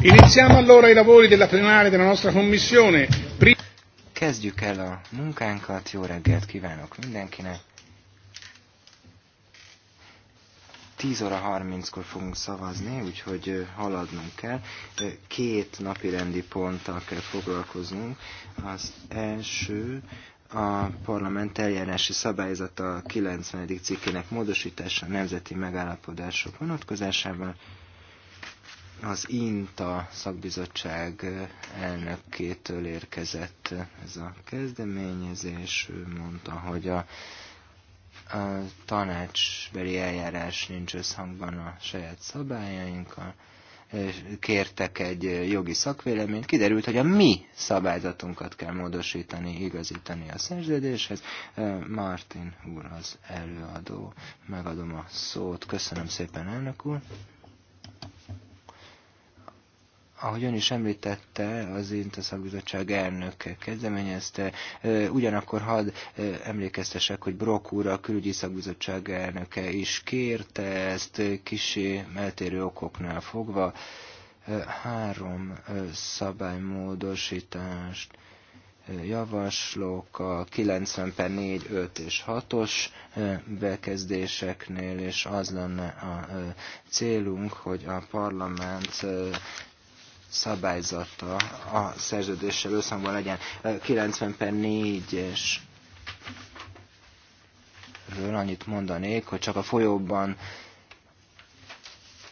Iniziamo allora i lavori della plenaria della nostra commissione. Kezdjük el a munkánkat, jó reggelt kívánok mindenkinek! 10 óra 30-kor fogunk szavazni, úgyhogy haladnunk kell. Két napi rendi ponttal kell foglalkoznunk. Az első a parlament eljárási szabályzata 90. cikkének módosítása a nemzeti megállapodások vonatkozásával az INTA szakbizottság elnökétől érkezett ez a kezdeményezés. Ő mondta, hogy a, a tanácsbeli eljárás nincs összhangban a saját szabályainkkal. Kértek egy jogi szakvéleményt, kiderült, hogy a mi szabályzatunkat kell módosítani, igazítani a szerződéshez. Martin úr az előadó, megadom a szót. Köszönöm szépen, elnök úr ahogy ön is említette, az Intaszakbizottság elnöke kezdeményezte. Ugyanakkor had emlékeztesek, hogy Brok úr, a külügyi szakbizottság elnöke is kérte ezt kisé eltérő okoknál fogva. Három szabálymódosítást javaslok a 90 per 4, 5 és 6-os bekezdéseknél, és az lenne a célunk, hogy a parlament szabályzata a szerződéssel összhangban legyen. 90 per 4-es annyit mondanék, hogy csak a folyóban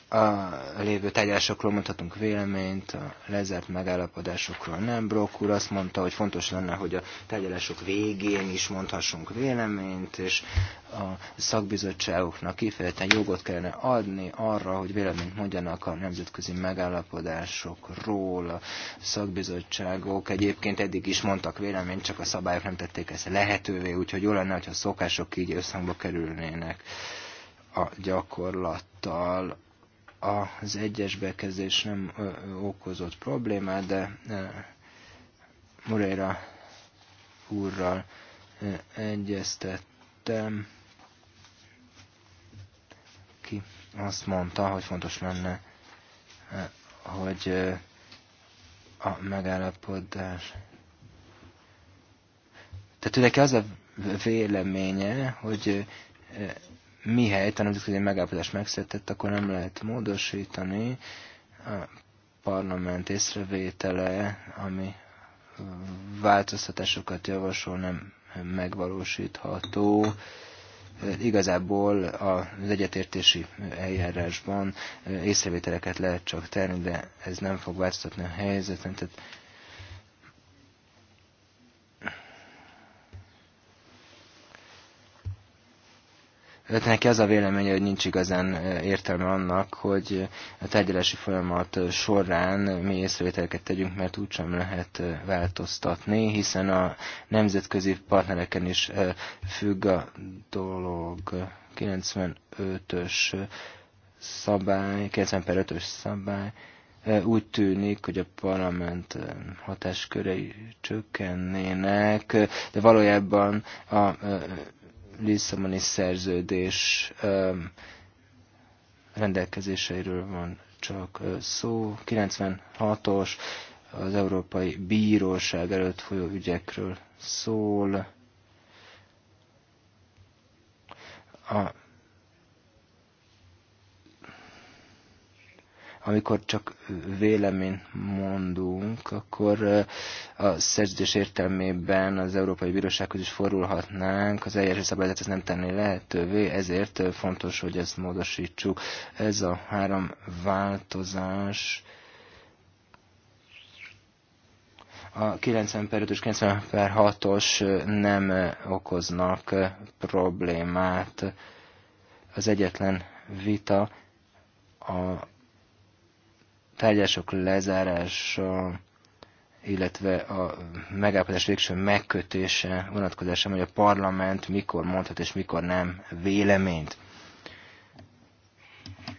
a lévő tárgyásokról mondhatunk véleményt, a lezárt megállapodásokról nem. Brock úr azt mondta, hogy fontos lenne, hogy a tárgyalások végén is mondhassunk véleményt, és a szakbizottságoknak kifejezetten jogot kellene adni arra, hogy véleményt mondjanak a nemzetközi megállapodásokról. A szakbizottságok egyébként eddig is mondtak véleményt, csak a szabályok nem tették ezt lehetővé, úgyhogy jó lenne, hogyha a szokások így összhangba kerülnének a gyakorlattal az egyes bekezdés nem okozott problémát, de Moreira úrral egyeztettem, ki azt mondta, hogy fontos lenne, hogy a megállapodás. Tehát neki az a véleménye, hogy mi helyt, a nemzetközi megállapodás megszületett, akkor nem lehet módosítani a parlament észrevétele, ami változtatásokat javasol, nem megvalósítható. Igazából az egyetértési eljárásban észrevételeket lehet csak tenni, de ez nem fog változtatni a helyzetet. Tehát neki az a véleménye, hogy nincs igazán értelme annak, hogy a tárgyalási folyamat során mi észrevételeket tegyünk, mert úgysem lehet változtatni, hiszen a nemzetközi partnereken is függ a dolog 95-ös szabály, 90 per 5-ös szabály, úgy tűnik, hogy a parlament hatáskörei csökkennének, de valójában a Lisszaboni szerződés rendelkezéseiről van csak szó. 96-os az Európai Bíróság előtt folyó ügyekről szól. A amikor csak véleményt mondunk, akkor a szerződés értelmében az Európai Bírósághoz is fordulhatnánk, az eljárási szabályzat ezt nem tenni lehetővé, ezért fontos, hogy ezt módosítsuk. Ez a három változás a 90 per 5 és 90 per 6-os nem okoznak problémát. Az egyetlen vita a tárgyások lezárása, illetve a megállapodás végső megkötése vonatkozása, hogy a parlament mikor mondhat és mikor nem véleményt.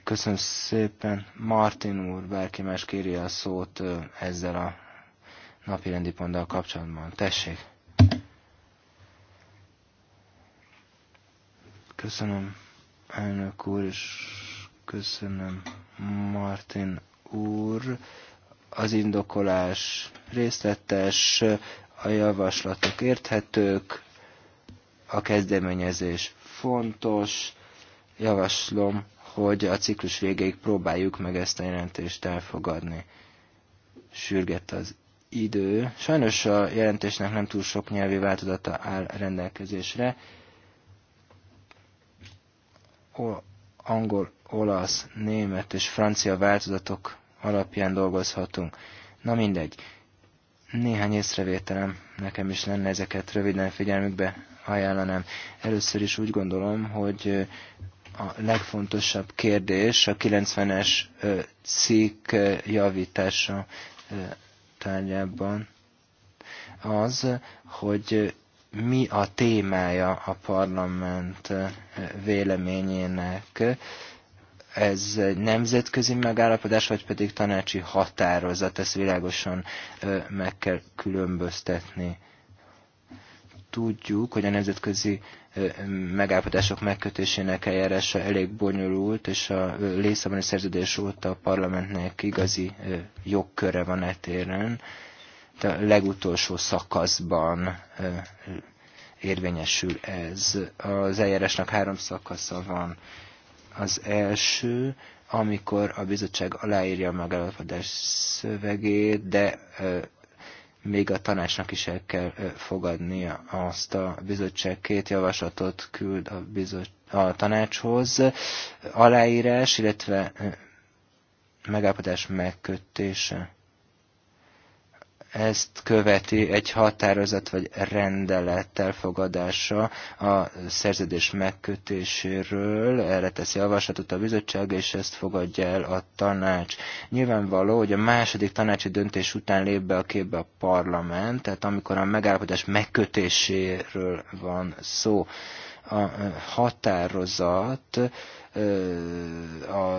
Köszönöm szépen. Martin úr, bárki más kéri a szót ezzel a napi rendi ponttal kapcsolatban. Tessék! Köszönöm, elnök úr, és köszönöm Martin úr, az indokolás részletes, a javaslatok érthetők, a kezdeményezés fontos. Javaslom, hogy a ciklus végéig próbáljuk meg ezt a jelentést elfogadni. Sürget az idő. Sajnos a jelentésnek nem túl sok nyelvi változata áll rendelkezésre. O, angol, olasz, német és francia változatok alapján dolgozhatunk. Na mindegy. Néhány észrevételem nekem is lenne ezeket röviden figyelmükbe ajánlanám. Először is úgy gondolom, hogy a legfontosabb kérdés a 90-es cikk javítása tárgyában az, hogy mi a témája a parlament véleményének, ez egy nemzetközi megállapodás, vagy pedig tanácsi határozat, ezt világosan meg kell különböztetni. Tudjuk, hogy a nemzetközi megállapodások megkötésének eljárása elég bonyolult, és a Lészabani szerződés óta a parlamentnek igazi jogköre van etéren. A legutolsó szakaszban érvényesül ez. Az eljárásnak három szakasza van az első, amikor a bizottság aláírja a megállapodás szövegét, de még a tanácsnak is el kell fogadnia azt a bizottság két javaslatot küld a, bizot, a tanácshoz. Aláírás, illetve megállapodás megkötése. Ezt követi egy határozat vagy rendelet elfogadása a szerződés megkötéséről, erre teszi javaslatot a bizottság, és ezt fogadja el a tanács. Nyilvánvaló, hogy a második tanácsi döntés után lép be a képbe a parlament, tehát amikor a megállapodás megkötéséről van szó. A határozat a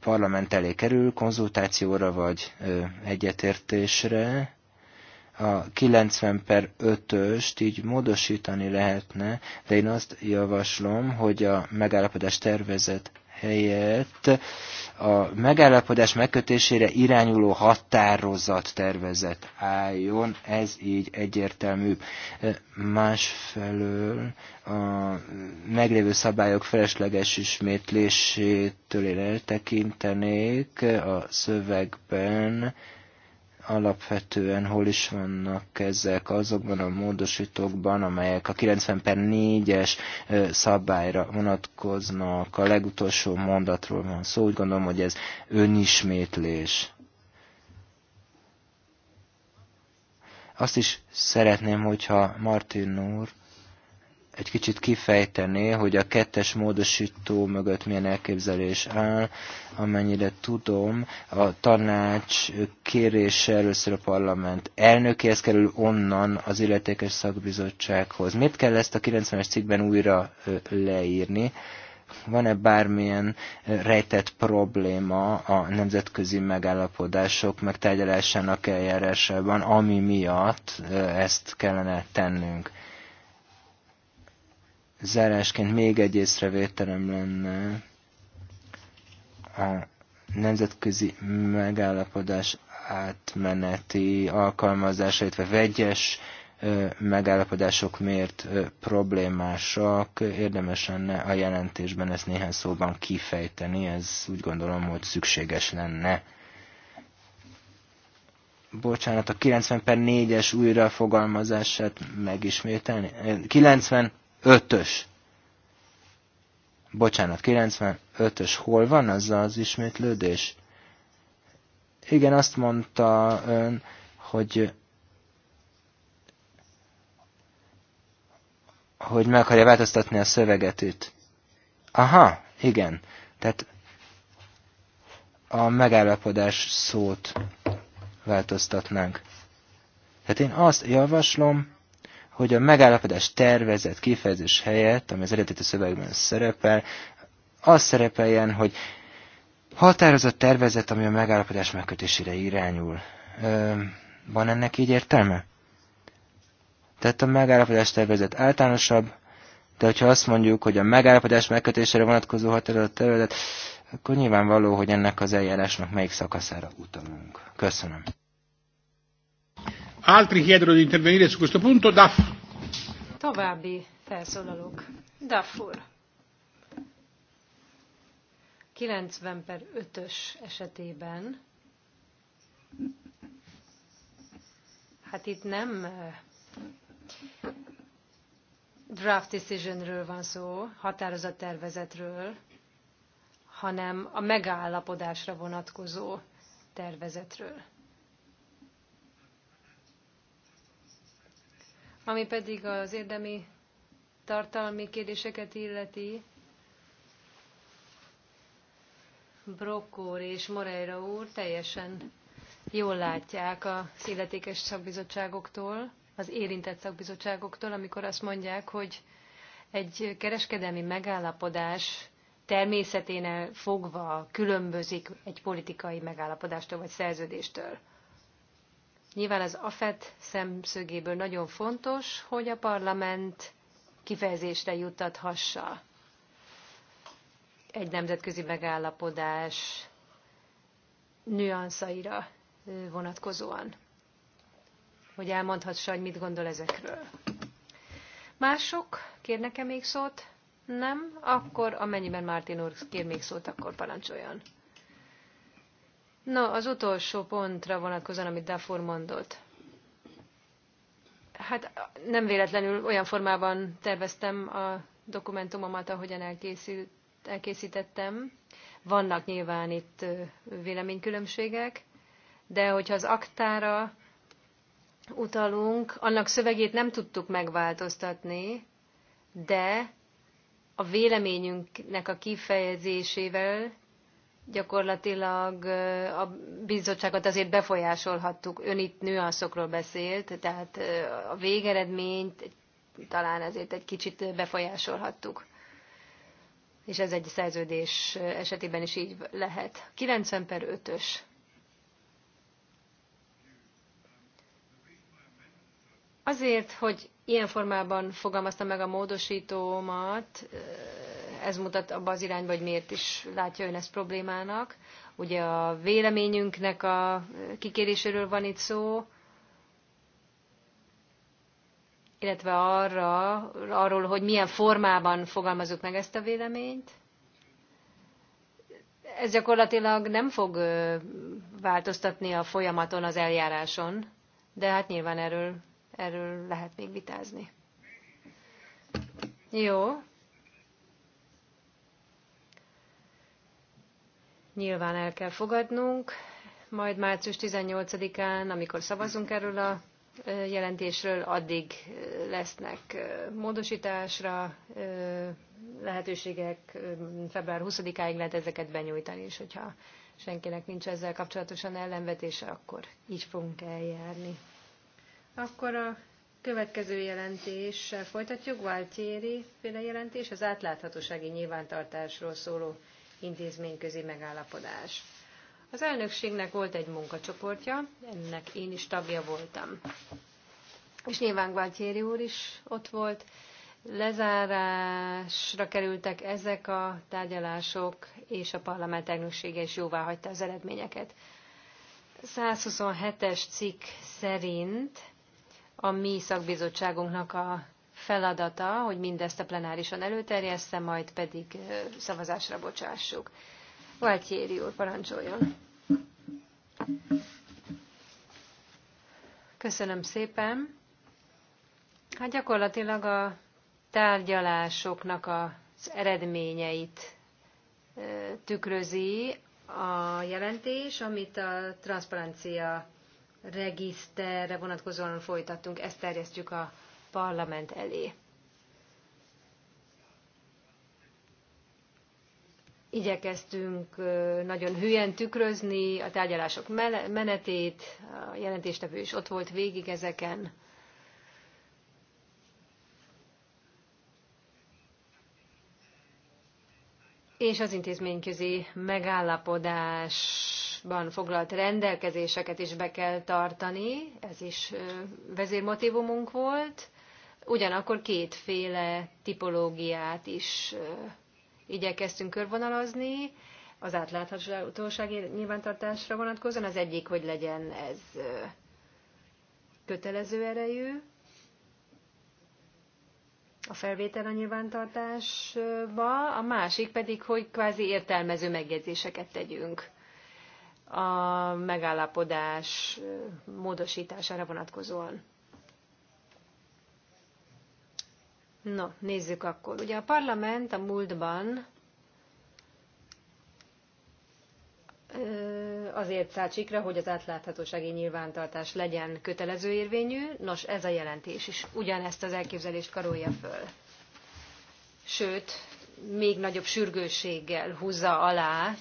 parlament elé kerül konzultációra vagy egyetértésre, a 90 per 5-öst így módosítani lehetne, de én azt javaslom, hogy a megállapodás tervezet helyett a megállapodás megkötésére irányuló határozat tervezet álljon, ez így egyértelmű. Másfelől a meglévő szabályok felesleges ismétlésétől én eltekintenék a szövegben, alapvetően hol is vannak ezek azokban a módosítókban, amelyek a 90 per 4-es szabályra vonatkoznak. A legutolsó mondatról van szó, úgy gondolom, hogy ez önismétlés. Azt is szeretném, hogyha Martin úr egy kicsit kifejtené, hogy a kettes módosító mögött milyen elképzelés áll. Amennyire tudom, a tanács kérése először a parlament elnökéhez kerül onnan az illetékes szakbizottsághoz. Mit kell ezt a 90-es cikkben újra leírni? van-e bármilyen rejtett probléma a nemzetközi megállapodások megtárgyalásának eljárásában, ami miatt ezt kellene tennünk. Zárásként még egy észrevételem lenne a nemzetközi megállapodás átmeneti alkalmazása, illetve vegyes megállapodások miért problémásak. Érdemes lenne a jelentésben ezt néhány szóban kifejteni, ez úgy gondolom, hogy szükséges lenne. Bocsánat, a 90 per 4-es újrafogalmazását megismételni? 90 95-ös. Bocsánat, 95-ös. Hol van az az ismétlődés? Igen, azt mondta ön, hogy hogy meg akarja változtatni a szöveget itt. Aha, igen. Tehát a megállapodás szót változtatnánk. Tehát én azt javaslom, hogy a megállapodás tervezett kifejezés helyett, ami az eredeti szövegben szerepel, az szerepeljen, hogy határozott tervezet, ami a megállapodás megkötésére irányul. Ö, van ennek így értelme? Tehát a megállapodás tervezet általánosabb, de hogyha azt mondjuk, hogy a megállapodás megkötésére vonatkozó határozott tervezet, akkor nyilvánvaló, hogy ennek az eljárásnak melyik szakaszára utalunk. Köszönöm. Altri chiedono di intervenire su questo punto. Daff. Tovabi, felszólalók. Daffur. 90 per 5-ös esetében Hát itt nem eh, draft decisionről van szó, határozattervezetről, hanem a megállapodásra vonatkozó tervezetről. Ami pedig az érdemi tartalmi kérdéseket illeti, Brock és Moreira úr teljesen jól látják a illetékes szakbizottságoktól, az érintett szakbizottságoktól, amikor azt mondják, hogy egy kereskedelmi megállapodás természeténél fogva különbözik egy politikai megállapodástól vagy szerződéstől. Nyilván az AFET szemszögéből nagyon fontos, hogy a parlament kifejezésre juttathassa egy nemzetközi megállapodás nüanszaira vonatkozóan, hogy elmondhassa, hogy mit gondol ezekről. Mások kérnek-e még szót? Nem? Akkor amennyiben Martin úr kér még szót, akkor parancsoljon. Na, az utolsó pontra vonatkozóan, amit Dafur mondott. Hát nem véletlenül olyan formában terveztem a dokumentumomat, ahogyan elkészít, elkészítettem. Vannak nyilván itt véleménykülönbségek, de hogyha az aktára utalunk, annak szövegét nem tudtuk megváltoztatni, de a véleményünknek a kifejezésével gyakorlatilag a bizottságot azért befolyásolhattuk. Ön itt nüanszokról beszélt, tehát a végeredményt talán azért egy kicsit befolyásolhattuk. És ez egy szerződés esetében is így lehet. 90 per 5-ös. Azért, hogy ilyen formában fogalmazta meg a módosítómat, ez mutat abba az irányba, hogy miért is látja ön ezt problémának. Ugye a véleményünknek a kikéréséről van itt szó, illetve arra, arról, hogy milyen formában fogalmazunk meg ezt a véleményt. Ez gyakorlatilag nem fog változtatni a folyamaton, az eljáráson, de hát nyilván erről, erről lehet még vitázni. Jó, nyilván el kell fogadnunk, majd március 18-án, amikor szavazunk erről a jelentésről, addig lesznek módosításra lehetőségek, február 20-áig lehet ezeket benyújtani, és hogyha senkinek nincs ezzel kapcsolatosan ellenvetése, akkor így fogunk eljárni. Akkor a következő jelentés folytatjuk, Valtieri féle jelentés, az átláthatósági nyilvántartásról szóló intézményközi megállapodás. Az elnökségnek volt egy munkacsoportja, ennek én is tagja voltam. És nyilván Gváltyéri úr is ott volt. Lezárásra kerültek ezek a tárgyalások, és a parlament elnöksége is jóvá hagyta az eredményeket. 127-es cikk szerint a mi szakbizottságunknak a feladata, hogy mindezt a plenárison előterjessze, majd pedig szavazásra bocsássuk. Valtyéri úr, parancsoljon! Köszönöm szépen! Hát gyakorlatilag a tárgyalásoknak az eredményeit tükrözi a jelentés, amit a transzparencia regiszterre vonatkozóan folytattunk, ezt terjesztjük a Parlament elé. Igyekeztünk nagyon hülyen tükrözni a tárgyalások menetét, a jelentéstevő is ott volt végig ezeken. és az intézményközi megállapodásban foglalt rendelkezéseket is be kell tartani, ez is vezérmotívumunk volt, Ugyanakkor kétféle tipológiát is igyekeztünk körvonalazni, az átláthatóság nyilvántartásra vonatkozóan. Az egyik, hogy legyen ez kötelező erejű, a felvétel a nyilvántartásba, a másik pedig, hogy kvázi értelmező megjegyzéseket tegyünk a megállapodás módosítására vonatkozóan. No, nézzük akkor. Ugye a parlament a múltban azért szállt sikra, hogy az átláthatósági nyilvántartás legyen kötelező érvényű. Nos, ez a jelentés is ugyanezt az elképzelést karolja föl. Sőt, még nagyobb sürgősséggel húzza alá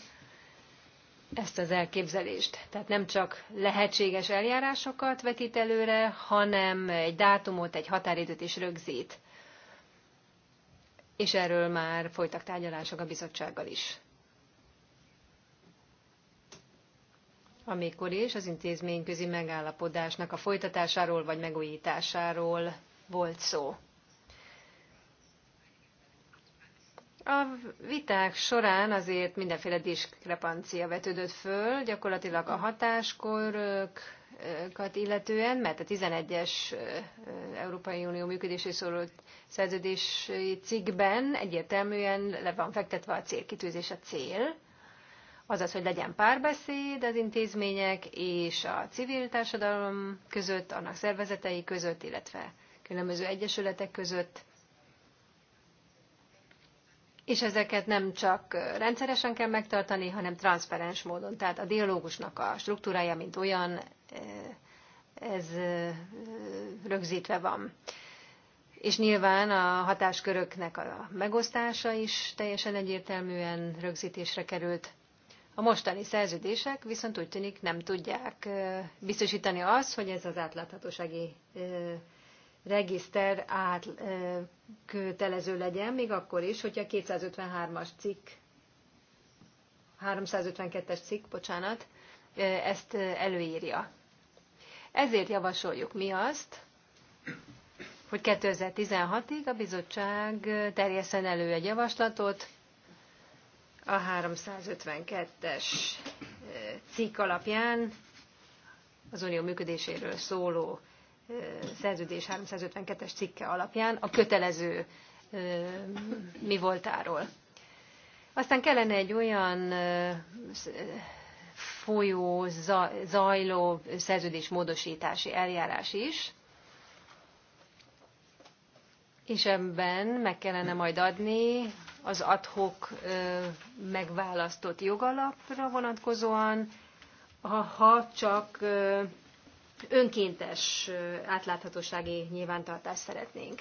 ezt az elképzelést. Tehát nem csak lehetséges eljárásokat vetít előre, hanem egy dátumot, egy határidőt is rögzít és erről már folytak tárgyalások a bizottsággal is. Amikor is az intézményközi megállapodásnak a folytatásáról vagy megújításáról volt szó. A viták során azért mindenféle diskrepancia vetődött föl, gyakorlatilag a hatáskörök, szabályokat illetően, mert a 11-es Európai Unió működésé szóló szerződési cikkben egyértelműen le van fektetve a célkitűzés a cél, azaz, hogy legyen párbeszéd az intézmények és a civil társadalom között, annak szervezetei között, illetve különböző egyesületek között. És ezeket nem csak rendszeresen kell megtartani, hanem transzparens módon. Tehát a dialógusnak a struktúrája, mint olyan ez rögzítve van. És nyilván a hatásköröknek a megosztása is teljesen egyértelműen rögzítésre került. A mostani szerződések viszont úgy tűnik nem tudják biztosítani azt, hogy ez az átláthatósági regiszter át, kötelező legyen, még akkor is, hogyha 253-as cikk, 352-es cikk, bocsánat, ezt előírja. Ezért javasoljuk mi azt, hogy 2016-ig a bizottság terjeszen elő egy javaslatot a 352-es cikk alapján az unió működéséről szóló szerződés 352-es cikke alapján a kötelező mi voltáról. Aztán kellene egy olyan folyó, zajló szerződésmódosítási eljárás is, és ebben meg kellene majd adni az adhok megválasztott jogalapra vonatkozóan, ha csak önkéntes átláthatósági nyilvántartást szeretnénk.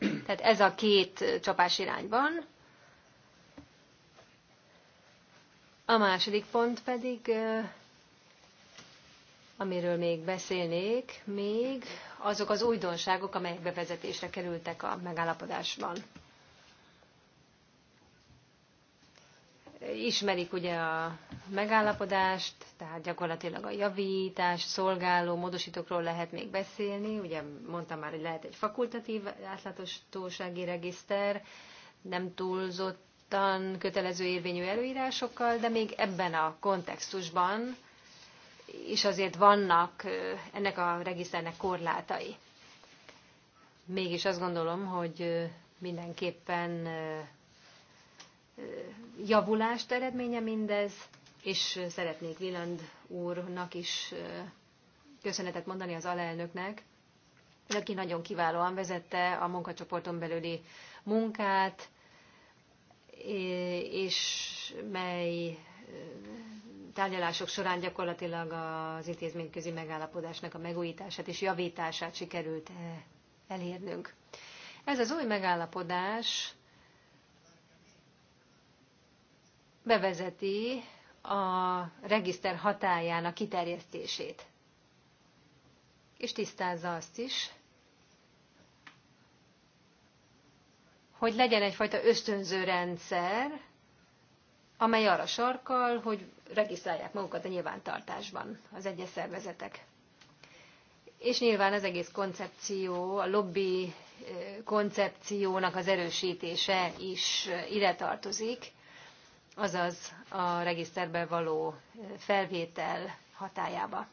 Tehát ez a két csapás irányban. A második pont pedig, amiről még beszélnék, még azok az újdonságok, amelyek bevezetésre kerültek a megállapodásban. Ismerik ugye a megállapodást, tehát gyakorlatilag a javítás, szolgáló módosítókról lehet még beszélni. Ugye mondtam már, hogy lehet egy fakultatív átláthatósági regiszter, nem túlzott nyugodtan kötelező érvényű előírásokkal, de még ebben a kontextusban is azért vannak ennek a regiszternek korlátai. Mégis azt gondolom, hogy mindenképpen javulást eredménye mindez, és szeretnék Viland úrnak is köszönetet mondani az alelnöknek, aki nagyon kiválóan vezette a munkacsoporton belüli munkát, és mely tárgyalások során gyakorlatilag az intézményközi megállapodásnak a megújítását és javítását sikerült elérnünk. Ez az új megállapodás bevezeti a regiszter hatájának kiterjesztését, és tisztázza azt is, hogy legyen egyfajta ösztönző rendszer, amely arra sarkal, hogy regisztrálják magukat a nyilvántartásban az egyes szervezetek. És nyilván az egész koncepció, a lobby eh, koncepciónak az erősítése is eh, ide tartozik, azaz a regiszterbe való eh, felvétel hatájába.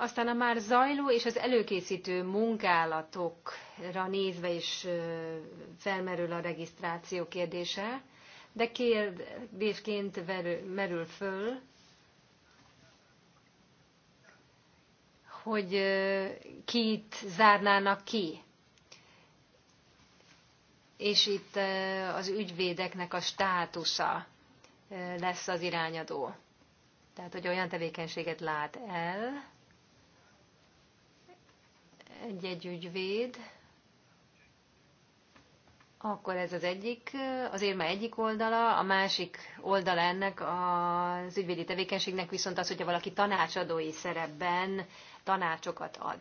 Aztán a már zajló és az előkészítő munkálatokra nézve is felmerül a regisztráció kérdése, de kérdésként merül föl, hogy kit zárnának ki. És itt az ügyvédeknek a státusza lesz az irányadó. Tehát, hogy olyan tevékenységet lát el, egy-egy ügyvéd, akkor ez az egyik, az érme egyik oldala, a másik oldala ennek az ügyvédi tevékenységnek viszont az, hogyha valaki tanácsadói szerepben tanácsokat ad.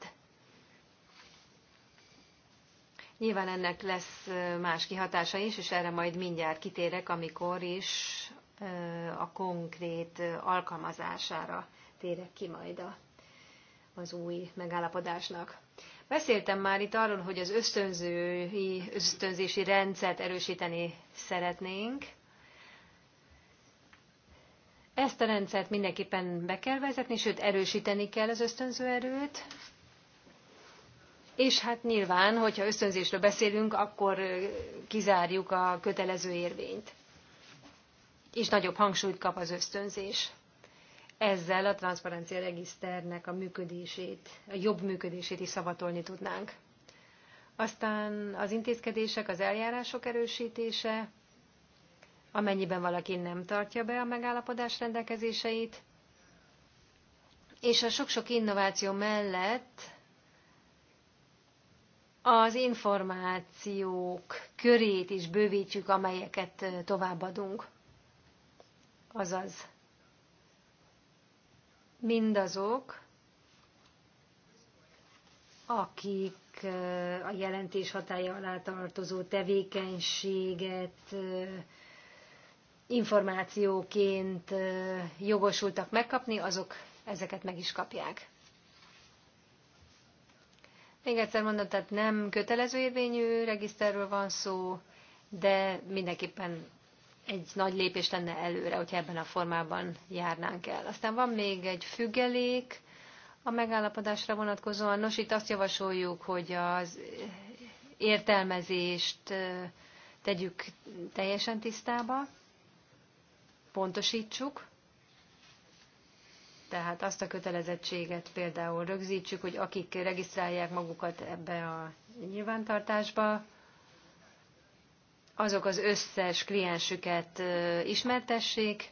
Nyilván ennek lesz más kihatása is, és erre majd mindjárt kitérek, amikor is a konkrét alkalmazására térek ki majd az új megállapodásnak. Beszéltem már itt arról, hogy az ösztönzői, ösztönzési rendszert erősíteni szeretnénk. Ezt a rendszert mindenképpen be kell vezetni, sőt erősíteni kell az ösztönző erőt. És hát nyilván, hogyha ösztönzésről beszélünk, akkor kizárjuk a kötelező érvényt. És nagyobb hangsúlyt kap az ösztönzés ezzel a transzparencia regiszternek a működését, a jobb működését is szavatolni tudnánk. Aztán az intézkedések, az eljárások erősítése, amennyiben valaki nem tartja be a megállapodás rendelkezéseit, és a sok-sok innováció mellett az információk körét is bővítjük, amelyeket továbbadunk. Azaz mindazok, akik a jelentés hatája alá tartozó tevékenységet információként jogosultak megkapni, azok ezeket meg is kapják. Még egyszer mondom, tehát nem kötelező érvényű regiszterről van szó, de mindenképpen egy nagy lépés lenne előre, hogyha ebben a formában járnánk el. Aztán van még egy függelék a megállapodásra vonatkozóan. Nos, itt azt javasoljuk, hogy az értelmezést tegyük teljesen tisztába, pontosítsuk, tehát azt a kötelezettséget például rögzítsük, hogy akik regisztrálják magukat ebbe a nyilvántartásba, azok az összes kliensüket ismertessék,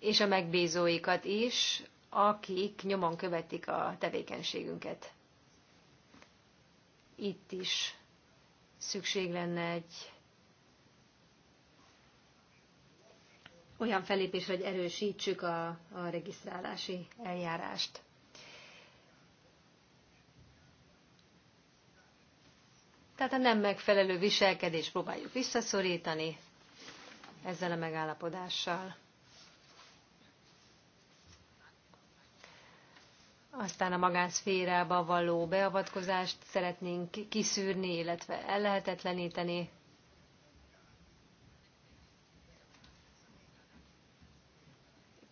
és a megbízóikat is, akik nyomon követik a tevékenységünket. Itt is szükség lenne egy olyan felépésre, hogy erősítsük a, a regisztrálási eljárást. tehát a nem megfelelő viselkedést próbáljuk visszaszorítani ezzel a megállapodással. Aztán a magánszférába való beavatkozást szeretnénk kiszűrni, illetve ellehetetleníteni.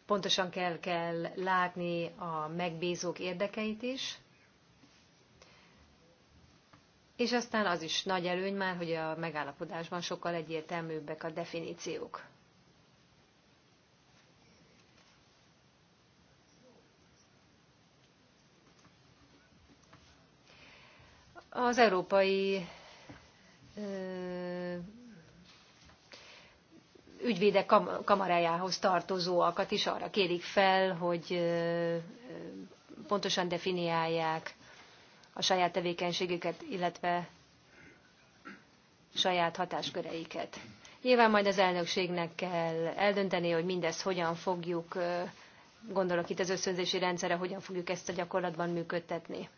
Pontosan kell, kell látni a megbízók érdekeit is. És aztán az is nagy előny már, hogy a megállapodásban sokkal egyértelműbbek a definíciók. Az európai ö, ügyvédek kamarájához tartozóakat is arra kérik fel, hogy pontosan definiálják a saját tevékenységüket, illetve saját hatásköreiket. Nyilván majd az elnökségnek kell eldönteni, hogy mindezt hogyan fogjuk, gondolok itt az összönzési rendszerre, hogyan fogjuk ezt a gyakorlatban működtetni.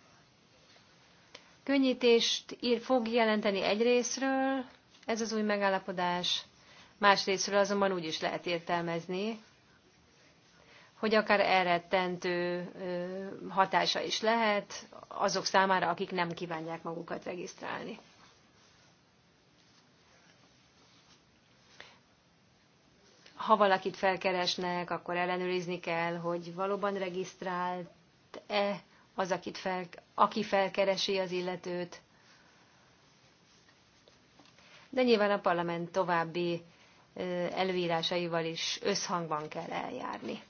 Könnyítést ír, fog jelenteni egyrésztről ez az új megállapodás, másrésztről azonban úgy is lehet értelmezni, hogy akár elrettentő hatása is lehet azok számára, akik nem kívánják magukat regisztrálni. Ha valakit felkeresnek, akkor ellenőrizni kell, hogy valóban regisztrált-e az, akit fel, aki felkeresi az illetőt. De nyilván a parlament további előírásaival is összhangban kell eljárni.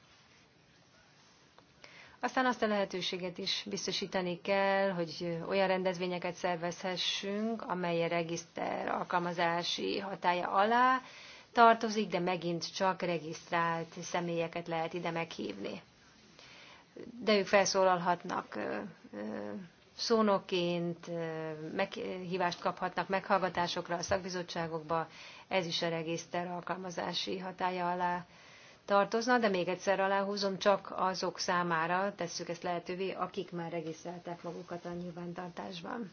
Aztán azt a lehetőséget is biztosítani kell, hogy olyan rendezvényeket szervezhessünk, amely a regiszter alkalmazási hatája alá tartozik, de megint csak regisztrált személyeket lehet ide meghívni. De ők felszólalhatnak szónoként, meghívást kaphatnak meghallgatásokra a szakbizottságokba, ez is a regiszter alkalmazási hatája alá tartozna, de még egyszer aláhúzom, csak azok számára tesszük ezt lehetővé, akik már regisztrálták magukat a nyilvántartásban.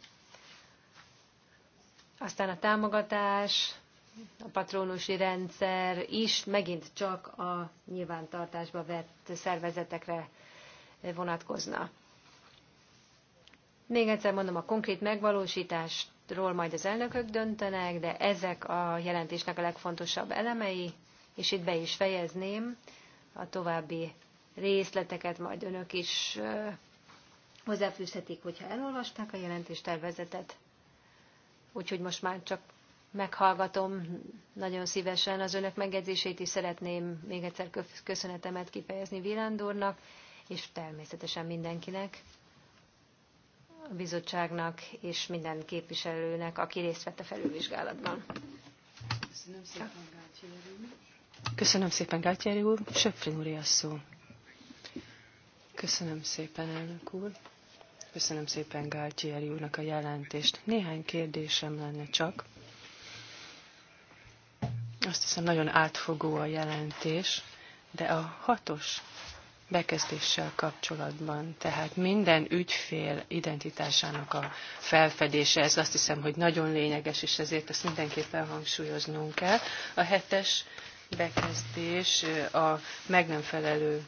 Aztán a támogatás, a patronusi rendszer is megint csak a nyilvántartásba vett szervezetekre vonatkozna. Még egyszer mondom, a konkrét megvalósításról majd az elnökök döntenek, de ezek a jelentésnek a legfontosabb elemei és itt be is fejezném a további részleteket, majd önök is hozzáfűzhetik, hogyha elolvasták a jelentéstervezetet. Úgyhogy most már csak meghallgatom nagyon szívesen az önök megjegyzését, és szeretném még egyszer köszönetemet kifejezni Vilándornak, és természetesen mindenkinek, a bizottságnak és minden képviselőnek, aki részt vett a felülvizsgálatban. Köszönöm szépen, Gácsi Köszönöm szépen, Gátyári úr. Söpfrin úr a szó. Köszönöm szépen, elnök úr. Köszönöm szépen Gáltyeri úrnak a jelentést. Néhány kérdésem lenne csak. Azt hiszem, nagyon átfogó a jelentés, de a hatos bekezdéssel kapcsolatban, tehát minden ügyfél identitásának a felfedése, ez azt hiszem, hogy nagyon lényeges, és ezért ezt mindenképpen hangsúlyoznunk kell. A hetes bekezdés a meg nem felelő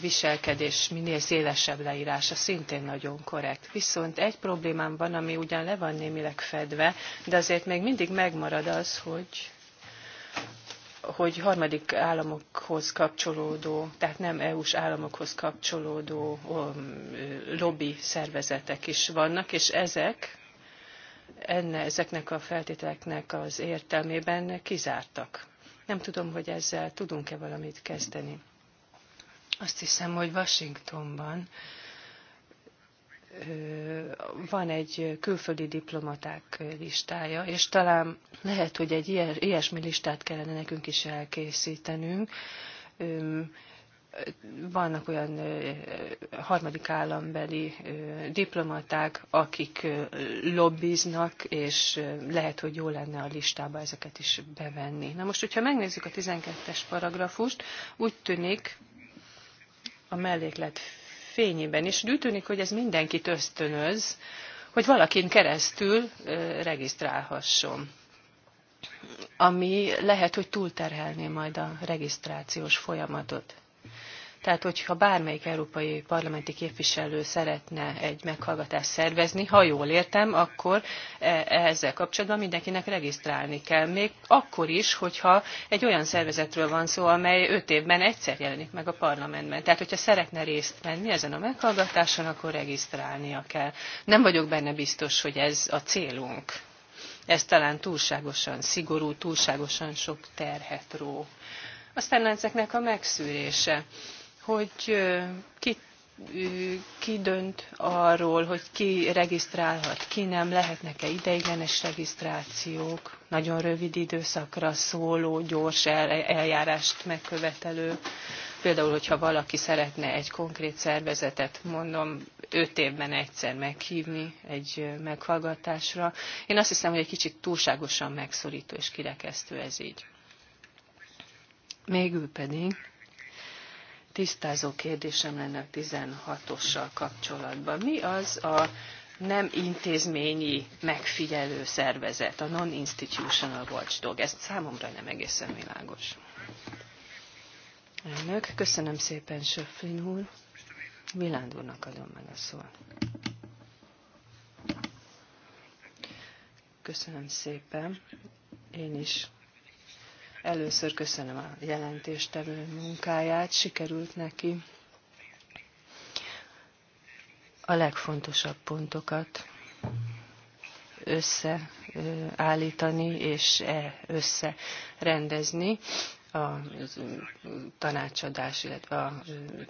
viselkedés minél szélesebb leírása szintén nagyon korrekt. Viszont egy problémám van, ami ugyan le van némileg fedve, de azért még mindig megmarad az, hogy hogy harmadik államokhoz kapcsolódó, tehát nem EU-s államokhoz kapcsolódó lobby szervezetek is vannak, és ezek enne, ezeknek a feltételeknek az értelmében kizártak nem tudom, hogy ezzel tudunk-e valamit kezdeni. Azt hiszem, hogy Washingtonban van egy külföldi diplomaták listája, és talán lehet, hogy egy ilyesmi listát kellene nekünk is elkészítenünk vannak olyan harmadik állambeli diplomaták, akik lobbiznak, és lehet, hogy jó lenne a listába ezeket is bevenni. Na most, hogyha megnézzük a 12-es paragrafust, úgy tűnik a melléklet fényében is, úgy tűnik, hogy ez mindenkit ösztönöz, hogy valakin keresztül regisztrálhasson ami lehet, hogy túlterhelné majd a regisztrációs folyamatot. Tehát, hogyha bármelyik európai parlamenti képviselő szeretne egy meghallgatást szervezni, ha jól értem, akkor e, ezzel kapcsolatban mindenkinek regisztrálni kell. Még akkor is, hogyha egy olyan szervezetről van szó, amely öt évben egyszer jelenik meg a parlamentben. Tehát, hogyha szeretne részt venni ezen a meghallgatáson, akkor regisztrálnia kell. Nem vagyok benne biztos, hogy ez a célunk. Ez talán túlságosan szigorú, túlságosan sok terhet ró aztán ezeknek a megszűrése hogy ki, ki dönt arról, hogy ki regisztrálhat, ki nem, lehetnek-e ideiglenes regisztrációk, nagyon rövid időszakra szóló, gyors eljárást megkövetelő például, hogyha valaki szeretne egy konkrét szervezetet, mondom, öt évben egyszer meghívni egy meghallgatásra. Én azt hiszem, hogy egy kicsit túlságosan megszorító és kirekesztő ez így. Mégül pedig tisztázó kérdésem lenne a 16-ossal kapcsolatban. Mi az a nem intézményi megfigyelő szervezet, a non-institutional watchdog? Ez számomra nem egészen világos. Önök, köszönöm szépen Söflin úr. Vilánd úrnak adom meg a szót. Köszönöm szépen. Én is Először köszönöm a jelentéstevő munkáját, sikerült neki a legfontosabb pontokat összeállítani és e összerendezni a tanácsadás, illetve a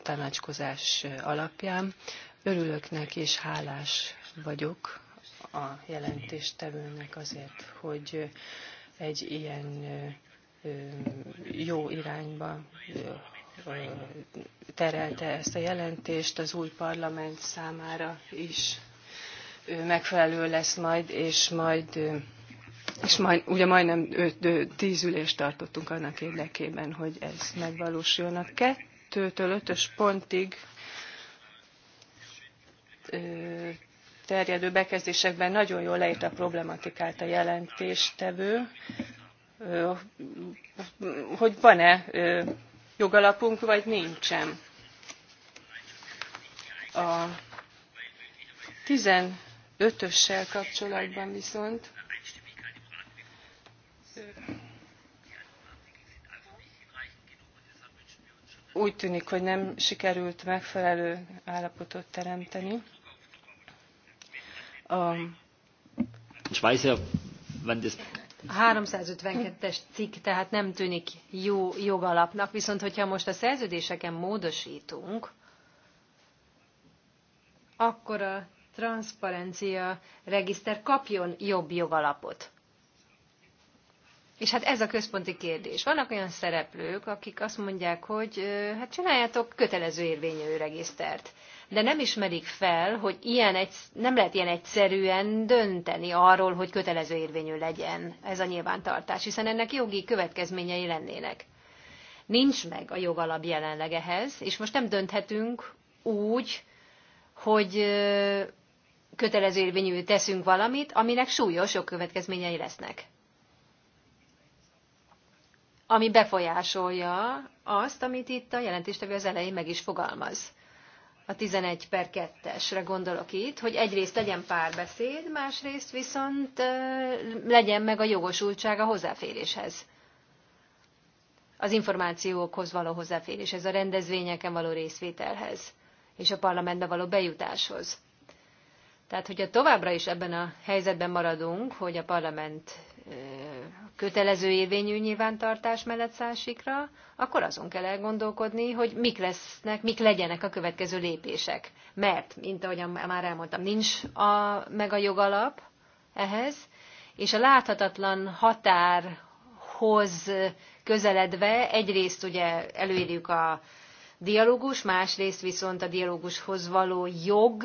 tanácskozás alapján. Örülök neki, és hálás vagyok a jelentéstevőnek azért, hogy egy ilyen jó irányba terelte ezt a jelentést az új parlament számára is megfelelő lesz majd, és majd és majd, ugye majdnem tíz ülést tartottunk annak érdekében, hogy ez megvalósuljon. A kettőtől ötös pontig terjedő bekezdésekben nagyon jól leírta a problematikát a jelentéstevő, hogy van-e jogalapunk, vagy nincsen. A 15-össel kapcsolatban viszont úgy tűnik, hogy nem sikerült megfelelő állapotot teremteni. A... Ich weiß ja, wann das 352-es cikk tehát nem tűnik jó jogalapnak, viszont hogyha most a szerződéseken módosítunk, akkor a transzparencia regiszter kapjon jobb jogalapot. És hát ez a központi kérdés. Vannak olyan szereplők, akik azt mondják, hogy hát csináljátok kötelező érvényű regisztert de nem ismerik fel, hogy ilyen egy, nem lehet ilyen egyszerűen dönteni arról, hogy kötelező érvényű legyen ez a nyilvántartás, hiszen ennek jogi következményei lennének. Nincs meg a jogalap jelenleg ehhez, és most nem dönthetünk úgy, hogy kötelező érvényű teszünk valamit, aminek súlyos jogkövetkezményei lesznek ami befolyásolja azt, amit itt a jelentéstevő az elején meg is fogalmaz a 11 per 2-esre gondolok itt, hogy egyrészt legyen párbeszéd, másrészt viszont legyen meg a jogosultság a hozzáféréshez. Az információkhoz való hozzáféréshez, a rendezvényeken való részvételhez, és a parlamentbe való bejutáshoz. Tehát, hogyha továbbra is ebben a helyzetben maradunk, hogy a parlament kötelező érvényű nyilvántartás mellett szásikra, akkor azon kell elgondolkodni, hogy mik lesznek, mik legyenek a következő lépések. Mert, mint ahogy már elmondtam, nincs a, meg a jogalap ehhez, és a láthatatlan határhoz közeledve egyrészt ugye előírjuk a dialógus, másrészt viszont a dialógushoz való jog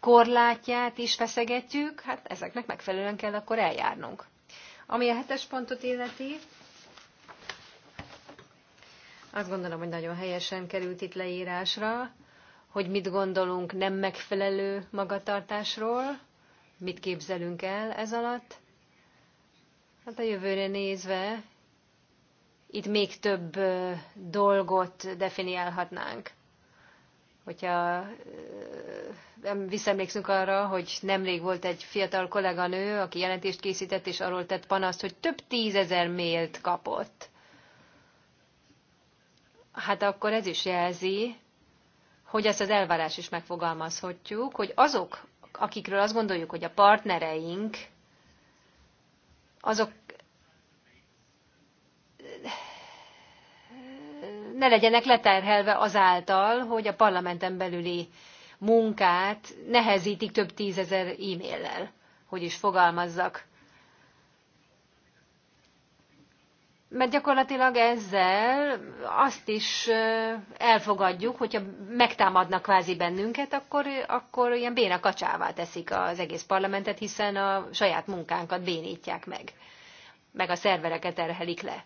korlátját is feszegetjük, hát ezeknek megfelelően kell akkor eljárnunk. Ami a hetes pontot illeti, azt gondolom, hogy nagyon helyesen került itt leírásra, hogy mit gondolunk nem megfelelő magatartásról, mit képzelünk el ez alatt. Hát a jövőre nézve itt még több dolgot definiálhatnánk. Hogyha nem visszaemlékszünk arra, hogy nemrég volt egy fiatal kolléganő, aki jelentést készített, és arról tett panaszt, hogy több tízezer mélt kapott. Hát akkor ez is jelzi, hogy ezt az elvárás is megfogalmazhatjuk, hogy azok, akikről azt gondoljuk, hogy a partnereink, azok ne legyenek leterhelve azáltal, hogy a parlamenten belüli munkát nehezítik több tízezer e-maillel, hogy is fogalmazzak. Mert gyakorlatilag ezzel azt is elfogadjuk, hogyha megtámadnak kvázi bennünket, akkor, akkor ilyen béna kacsává teszik az egész parlamentet, hiszen a saját munkánkat bénítják meg, meg a szervereket terhelik le.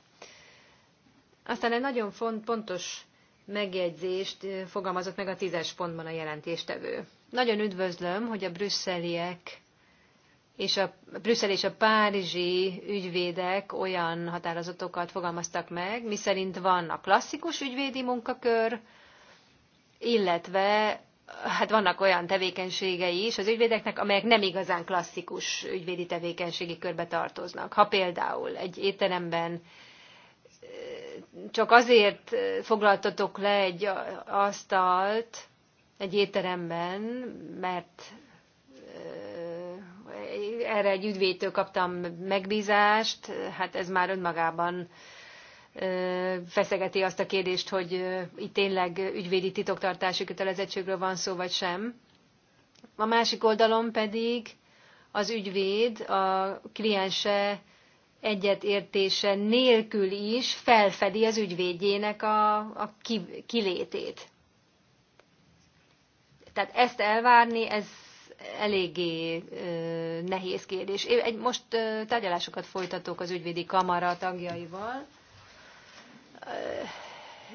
Aztán egy nagyon font, pontos megjegyzést fogalmazott meg a tízes pontban a jelentéstevő. Nagyon üdvözlöm, hogy a brüsszeliek és a, a brüsszel és a párizsi ügyvédek olyan határozatokat fogalmaztak meg, miszerint van a klasszikus ügyvédi munkakör, illetve hát vannak olyan tevékenységei is az ügyvédeknek, amelyek nem igazán klasszikus ügyvédi tevékenységi körbe tartoznak. Ha például egy étteremben csak azért foglaltatok le egy asztalt egy étteremben, mert erre egy üdvétől kaptam megbízást, hát ez már önmagában feszegeti azt a kérdést, hogy itt tényleg ügyvédi titoktartási kötelezettségről van szó, vagy sem. A másik oldalon pedig az ügyvéd a kliense egyetértése nélkül is felfedi az ügyvédjének a, a ki, kilétét. Tehát ezt elvárni, ez eléggé ö, nehéz kérdés. Én egy, most ö, tárgyalásokat folytatok az ügyvédi kamara tagjaival, ö,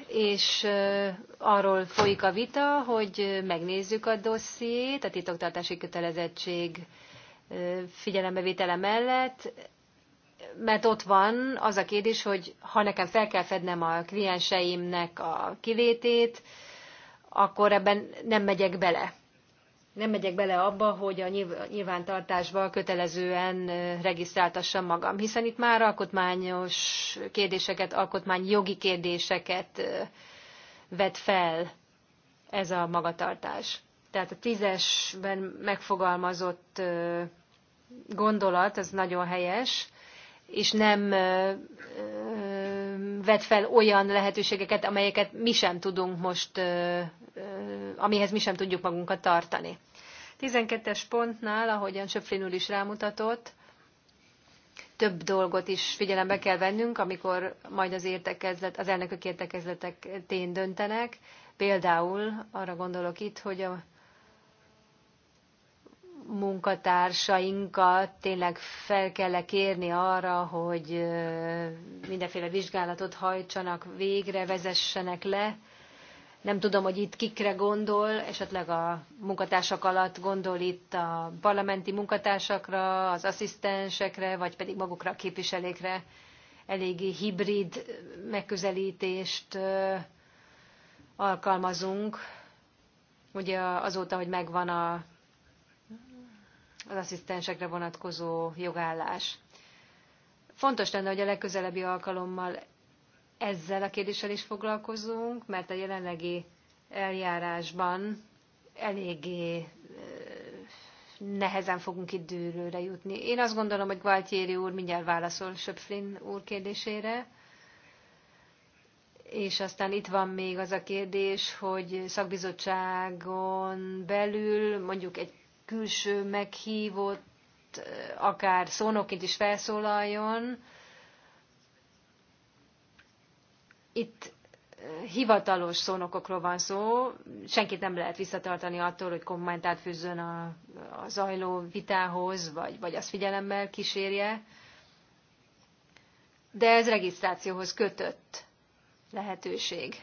és ö, arról folyik a vita, hogy megnézzük a dossziét, a titoktartási kötelezettség figyelembevétele mellett, mert ott van az a kérdés, hogy ha nekem fel kell fednem a klienseimnek a kivétét, akkor ebben nem megyek bele. Nem megyek bele abba, hogy a nyilvántartásban kötelezően regisztráltassam magam, hiszen itt már alkotmányos kérdéseket, alkotmány jogi kérdéseket vet fel ez a magatartás. Tehát a tízesben megfogalmazott gondolat, ez nagyon helyes, és nem vet fel olyan lehetőségeket, amelyeket mi sem tudunk most, amihez mi sem tudjuk magunkat tartani. 12-es pontnál, ahogyan Söpflin úr is rámutatott, több dolgot is figyelembe kell vennünk, amikor majd az, értekezlet, az elnökök értekezletek tén döntenek. Például arra gondolok itt, hogy a munkatársainkat tényleg fel kell kérni arra, hogy mindenféle vizsgálatot hajtsanak végre, vezessenek le. Nem tudom, hogy itt kikre gondol, esetleg a munkatársak alatt gondol itt a parlamenti munkatársakra, az asszisztensekre, vagy pedig magukra a képviselékre eléggé hibrid megközelítést alkalmazunk. Ugye azóta, hogy megvan a az asszisztensekre vonatkozó jogállás. Fontos lenne, hogy a legközelebbi alkalommal ezzel a kérdéssel is foglalkozunk, mert a jelenlegi eljárásban eléggé nehezen fogunk itt dűrőre jutni. Én azt gondolom, hogy Gualtieri úr mindjárt válaszol Söpflin úr kérdésére, és aztán itt van még az a kérdés, hogy szakbizottságon belül mondjuk egy külső meghívott eh, akár szónoként is felszólaljon. Itt eh, hivatalos szónokokról van szó, senkit nem lehet visszatartani attól, hogy kommentát fűzzön a, a zajló vitához, vagy, vagy azt figyelemmel kísérje, de ez regisztrációhoz kötött lehetőség.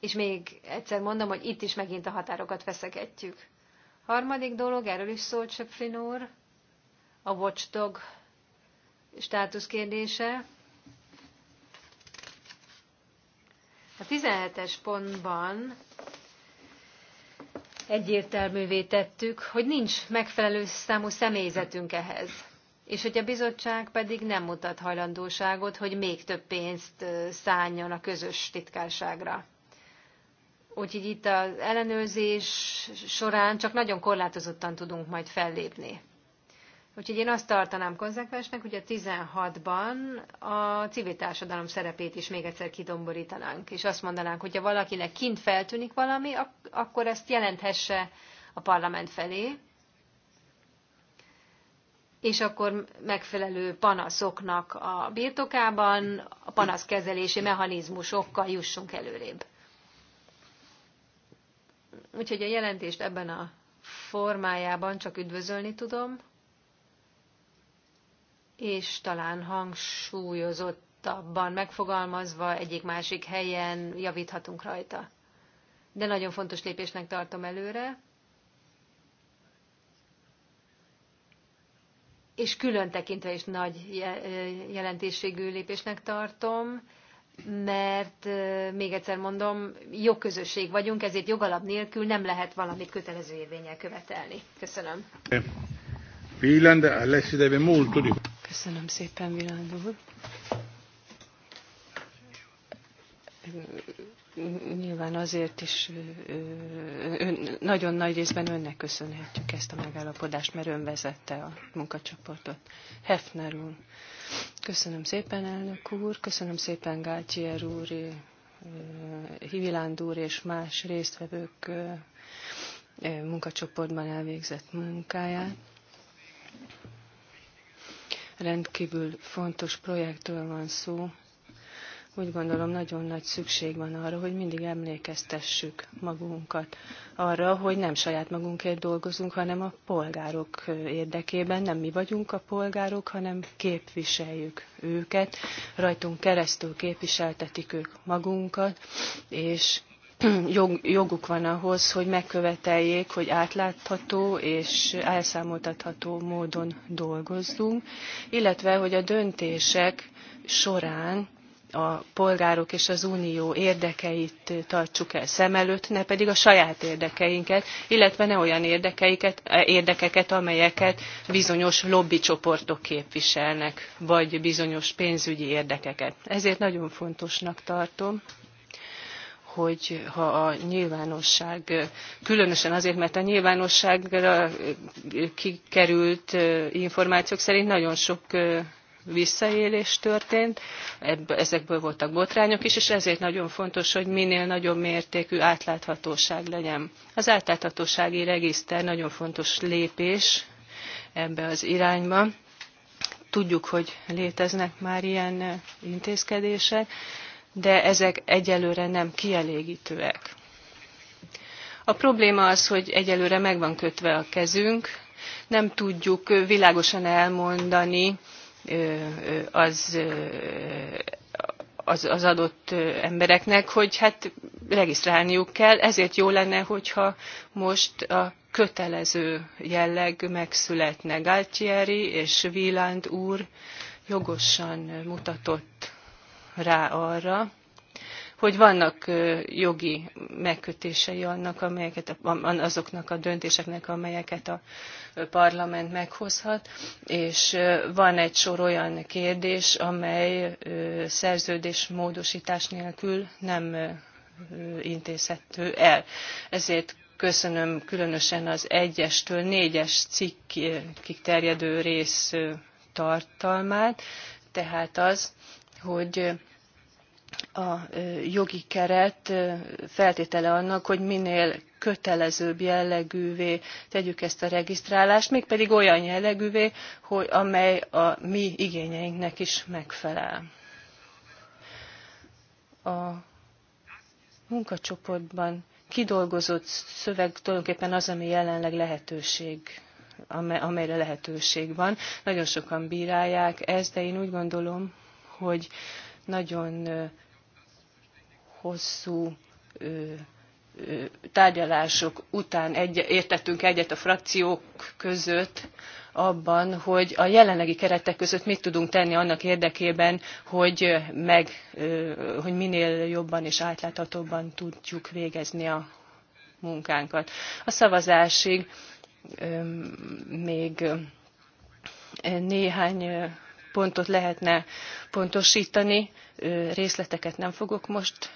És még egyszer mondom, hogy itt is megint a határokat feszegetjük. Harmadik dolog, erről is szólt Söpflin úr, a watchdog státusz kérdése. A 17-es pontban egyértelművé tettük, hogy nincs megfelelő számú személyzetünk ehhez, és hogy a bizottság pedig nem mutat hajlandóságot, hogy még több pénzt szálljon a közös titkárságra. Úgyhogy itt az ellenőrzés során csak nagyon korlátozottan tudunk majd fellépni. Úgyhogy én azt tartanám konzekvensnek, hogy a 16-ban a civil társadalom szerepét is még egyszer kidomborítanánk, és azt mondanánk, hogy ha valakinek kint feltűnik valami, akkor ezt jelenthesse a parlament felé, és akkor megfelelő panaszoknak a birtokában a panaszkezelési mechanizmusokkal jussunk előrébb. Úgyhogy a jelentést ebben a formájában csak üdvözölni tudom, és talán hangsúlyozottabban megfogalmazva egyik-másik helyen javíthatunk rajta. De nagyon fontos lépésnek tartom előre, és külön tekintve is nagy jelentésségű lépésnek tartom, mert még egyszer mondom, jogközösség vagyunk, ezért jogalap nélkül nem lehet valamit kötelező érvényel követelni. Köszönöm. Köszönöm szépen, Viland úr. Nyilván azért is ön, nagyon nagy részben önnek köszönhetjük ezt a megállapodást, mert ön vezette a munkacsoportot. Hefner úr. Köszönöm szépen, elnök úr, köszönöm szépen Gáltier úr, eh, Hiviland úr és más résztvevők eh, eh, munkacsoportban elvégzett munkáját. Rendkívül fontos projektről van szó, úgy gondolom nagyon nagy szükség van arra, hogy mindig emlékeztessük magunkat arra, hogy nem saját magunkért dolgozunk, hanem a polgárok érdekében. Nem mi vagyunk a polgárok, hanem képviseljük őket, rajtunk keresztül képviseltetik ők magunkat, és jog, joguk van ahhoz, hogy megköveteljék, hogy átlátható és elszámoltatható módon dolgozzunk, illetve hogy a döntések során a polgárok és az unió érdekeit tartsuk el szem előtt, ne pedig a saját érdekeinket, illetve ne olyan érdekeiket, érdekeket, amelyeket bizonyos lobbycsoportok képviselnek, vagy bizonyos pénzügyi érdekeket. Ezért nagyon fontosnak tartom, hogy ha a nyilvánosság, különösen azért, mert a nyilvánosságra kikerült információk szerint nagyon sok visszaélés történt, ezekből voltak botrányok is, és ezért nagyon fontos, hogy minél nagyobb mértékű átláthatóság legyen. Az átláthatósági regiszter nagyon fontos lépés ebbe az irányba. Tudjuk, hogy léteznek már ilyen eh, intézkedések, de ezek egyelőre nem kielégítőek. A probléma az, hogy egyelőre meg van kötve a kezünk, nem tudjuk eh, világosan elmondani, az, az, az adott embereknek, hogy hát regisztrálniuk kell, ezért jó lenne, hogyha most a kötelező jelleg megszületne. Galtieri és Wieland úr jogosan mutatott rá arra, hogy vannak jogi megkötései annak, amelyeket, azoknak a döntéseknek, amelyeket a parlament meghozhat, és van egy sor olyan kérdés, amely szerződés módosítás nélkül nem intézhető el. Ezért köszönöm különösen az egyestől négyes cikkig terjedő rész tartalmát, tehát az, hogy a jogi keret feltétele annak, hogy minél kötelezőbb jellegűvé tegyük ezt a regisztrálást, mégpedig olyan jellegűvé, hogy amely a mi igényeinknek is megfelel. A munkacsoportban kidolgozott szöveg tulajdonképpen az, ami jelenleg lehetőség amelyre lehetőség van. Nagyon sokan bírálják ezt, de én úgy gondolom, hogy nagyon hosszú tárgyalások után egy, értettünk egyet a frakciók között abban, hogy a jelenlegi keretek között mit tudunk tenni annak érdekében, hogy, meg, hogy minél jobban és átláthatóbban tudjuk végezni a munkánkat. A szavazásig még néhány pontot lehetne pontosítani, részleteket nem fogok most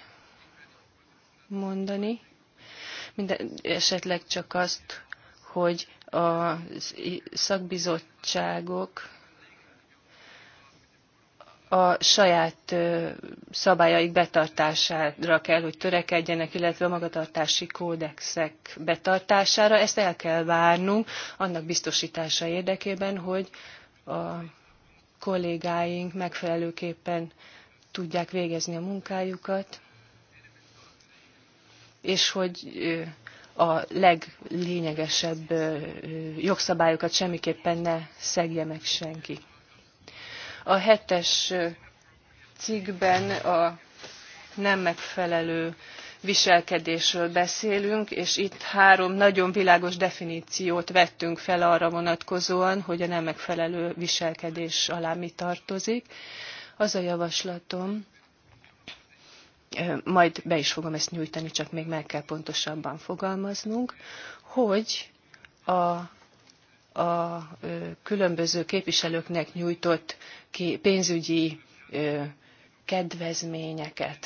mondani. Minden, esetleg csak azt, hogy a szakbizottságok a saját szabályaik betartására kell, hogy törekedjenek, illetve a magatartási kódexek betartására. Ezt el kell várnunk annak biztosítása érdekében, hogy a kollégáink megfelelőképpen tudják végezni a munkájukat, és hogy a leglényegesebb jogszabályokat semmiképpen ne szegje meg senki. A hetes cikkben a nem megfelelő viselkedésről beszélünk, és itt három nagyon világos definíciót vettünk fel arra vonatkozóan, hogy a nem megfelelő viselkedés alá mi tartozik. Az a javaslatom, majd be is fogom ezt nyújtani, csak még meg kell pontosabban fogalmaznunk, hogy a a különböző képviselőknek nyújtott pénzügyi kedvezményeket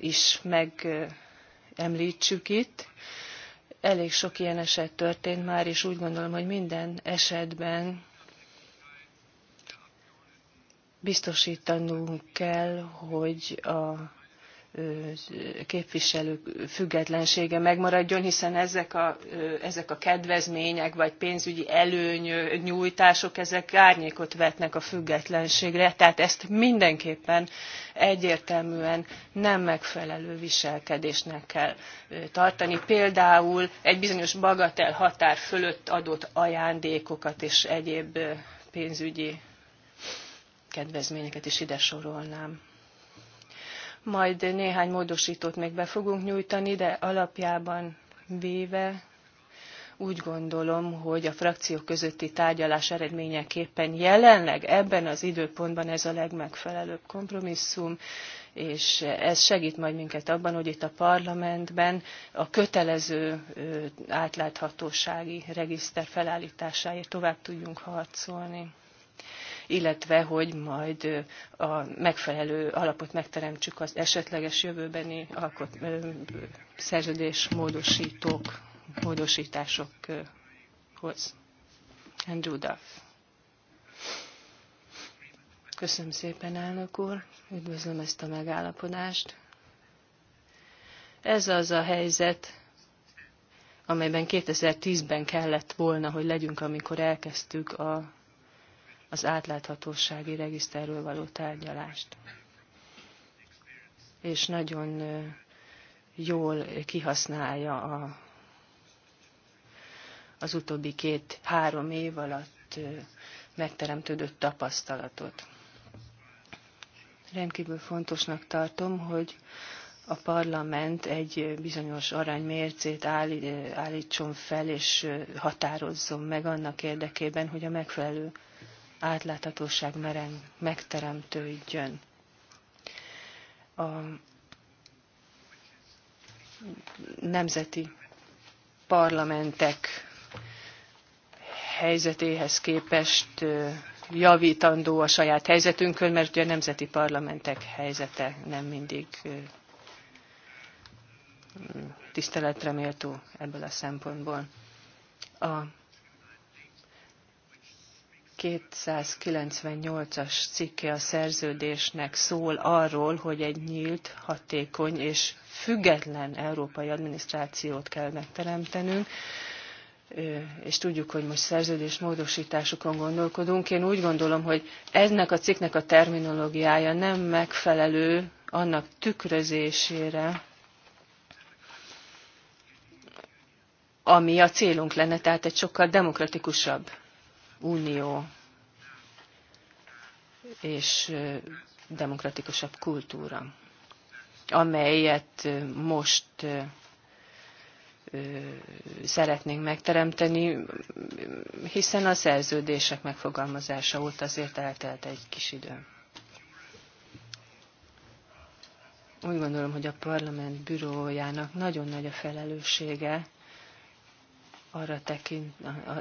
is megemlítsük itt. Elég sok ilyen eset történt már, és úgy gondolom, hogy minden esetben biztosítanunk kell, hogy a képviselők függetlensége megmaradjon, hiszen ezek a, ezek a kedvezmények vagy pénzügyi nyújtások ezek árnyékot vetnek a függetlenségre, tehát ezt mindenképpen egyértelműen nem megfelelő viselkedésnek kell tartani. Például egy bizonyos bagatel határ fölött adott ajándékokat és egyéb pénzügyi kedvezményeket is ide sorolnám majd néhány módosítót még be fogunk nyújtani, de alapjában véve úgy gondolom, hogy a frakciók közötti tárgyalás eredményeképpen jelenleg ebben az időpontban ez a legmegfelelőbb kompromisszum, és ez segít majd minket abban, hogy itt a parlamentben a kötelező átláthatósági regiszter felállításáért tovább tudjunk harcolni illetve hogy majd a megfelelő alapot megteremtsük az esetleges jövőbeni alkot, szerződés módosítók, módosításokhoz. Andrew Duff. Köszönöm szépen, elnök úr. Üdvözlöm ezt a megállapodást. Ez az a helyzet, amelyben 2010-ben kellett volna, hogy legyünk, amikor elkezdtük a az átláthatósági regiszterről való tárgyalást. És nagyon jól kihasználja a, az utóbbi két-három év alatt megteremtődött tapasztalatot. Rendkívül fontosnak tartom, hogy a parlament egy bizonyos aranymércét állítson fel és határozzon meg annak érdekében, hogy a megfelelő átláthatóság mereng, megteremtődjön. A nemzeti parlamentek helyzetéhez képest javítandó a saját helyzetünkön, mert ugye a nemzeti parlamentek helyzete nem mindig tiszteletre méltó ebből a szempontból. A 298-as cikke a szerződésnek szól arról, hogy egy nyílt, hatékony és független európai adminisztrációt kell megteremtenünk, és tudjuk, hogy most szerződés módosításokon gondolkodunk. Én úgy gondolom, hogy ennek a cikknek a terminológiája nem megfelelő annak tükrözésére, ami a célunk lenne, tehát egy sokkal demokratikusabb Unió és demokratikusabb kultúra, amelyet most szeretnénk megteremteni, hiszen a szerződések megfogalmazása óta azért eltelt egy kis idő. Úgy gondolom, hogy a parlament bürójának nagyon nagy a felelőssége, arra, tekint,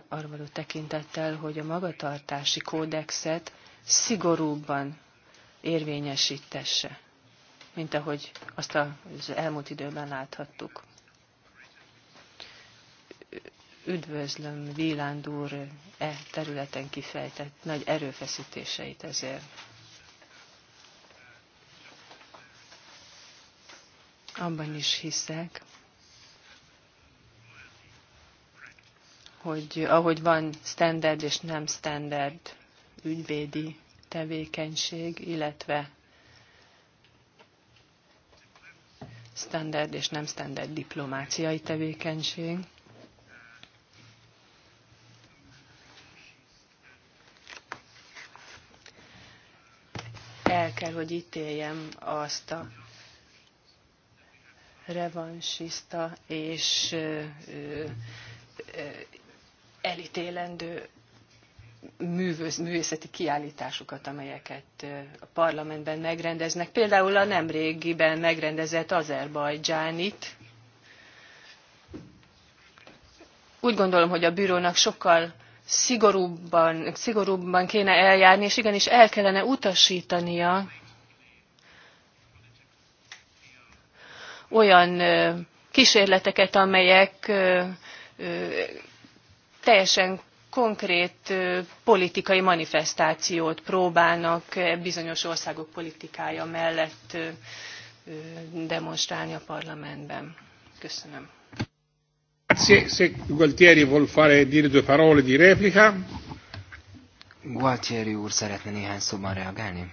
arra való tekintettel, hogy a magatartási kódexet szigorúbban érvényesítesse, mint ahogy azt az elmúlt időben láthattuk. Üdvözlöm Víland úr e területen kifejtett nagy erőfeszítéseit ezért. Abban is hiszek, hogy ahogy van standard és nem standard ügyvédi tevékenység, illetve standard és nem standard diplomáciai tevékenység. El kell, hogy ítéljem azt a revansista és elítélendő művöz, művészeti kiállításokat, amelyeket a parlamentben megrendeznek. Például a nemrégiben megrendezett Azerbajdzsánit. Úgy gondolom, hogy a bürónak sokkal szigorúbban, szigorúbban kéne eljárni, és igenis el kellene utasítania olyan kísérleteket, amelyek teljesen konkrét politikai manifestációt próbálnak bizonyos országok politikája mellett demonstrálni a parlamentben. Köszönöm. Se, se Gualtieri vuol fare dire due parole di replica. Gualtieri úr szeretne néhány szóban reagálni?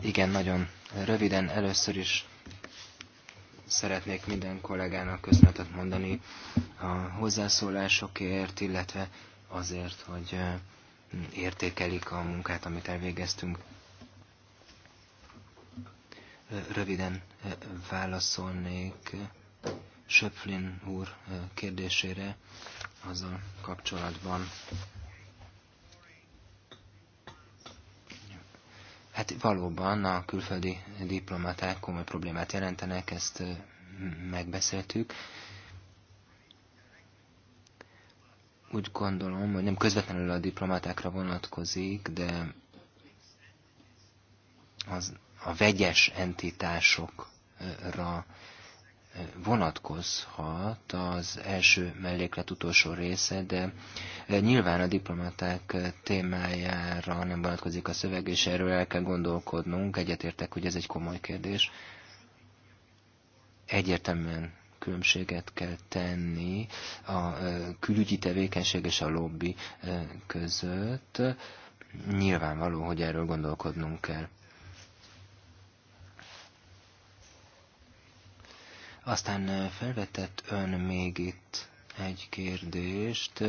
Igen, nagyon röviden először is szeretnék minden kollégának köszönetet mondani a hozzászólásokért, illetve azért, hogy értékelik a munkát, amit elvégeztünk. Röviden válaszolnék Söpflin úr kérdésére azzal kapcsolatban, Hát valóban a külföldi diplomaták komoly problémát jelentenek, ezt megbeszéltük. Úgy gondolom, hogy nem közvetlenül a diplomatákra vonatkozik, de az, a vegyes entitásokra vonatkozhat az első melléklet utolsó része, de eh, nyilván a diplomaták eh, témájára nem vonatkozik a szöveg, és erről el kell gondolkodnunk. Egyetértek, hogy ez egy komoly kérdés. Egyértelműen különbséget kell tenni a eh, külügyi tevékenység és a lobby között. Nyilvánvaló, hogy erről gondolkodnunk kell. Aztán felvetett ön még itt egy kérdést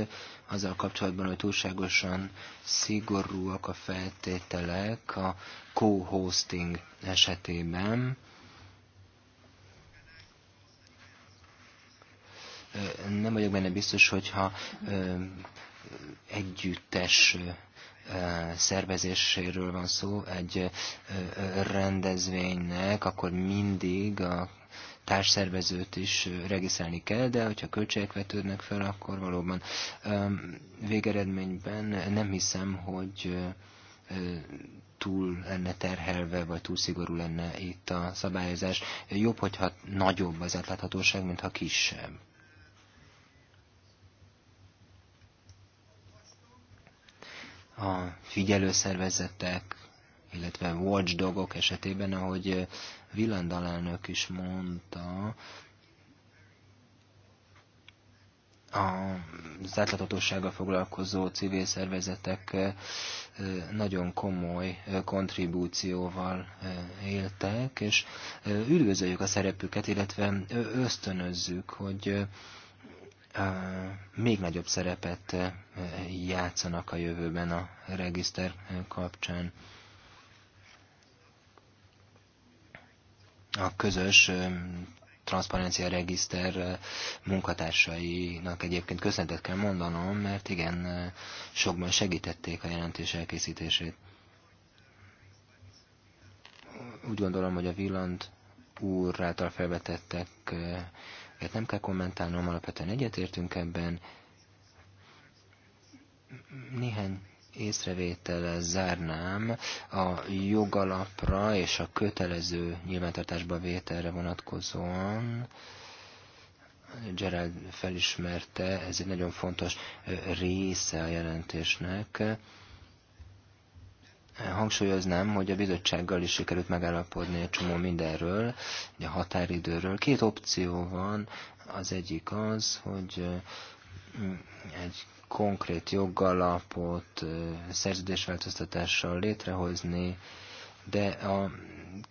azzal kapcsolatban, hogy túlságosan szigorúak a feltételek a co-hosting esetében. Nem vagyok benne biztos, hogyha együttes szervezéséről van szó egy rendezvénynek, akkor mindig a társszervezőt is regiszelni kell, de hogyha költségek vetődnek fel, akkor valóban végeredményben nem hiszem, hogy túl lenne terhelve, vagy túl szigorú lenne itt a szabályozás. Jobb, hogyha nagyobb az átláthatóság, mint ha kisebb. A figyelőszervezetek, illetve watchdogok esetében, ahogy Villand alelnök is mondta, az átláthatósággal foglalkozó civil szervezetek nagyon komoly kontribúcióval éltek, és üdvözöljük a szerepüket, illetve ösztönözzük, hogy még nagyobb szerepet játszanak a jövőben a regiszter kapcsán. a közös transzparencia regiszter munkatársainak egyébként köszöntet kell mondanom, mert igen, sokban segítették a jelentés elkészítését. Úgy gondolom, hogy a Villand úr által ezt nem kell kommentálnom, alapvetően egyetértünk ebben. Néhány észrevétele zárnám a jogalapra és a kötelező nyilvántartásba vételre vonatkozóan. Gerald felismerte, ez egy nagyon fontos része a jelentésnek. Hangsúlyoznám, hogy a bizottsággal is sikerült megállapodni egy csomó mindenről, a határidőről. Két opció van, az egyik az, hogy egy konkrét jogalapot szerződésváltoztatással létrehozni, de a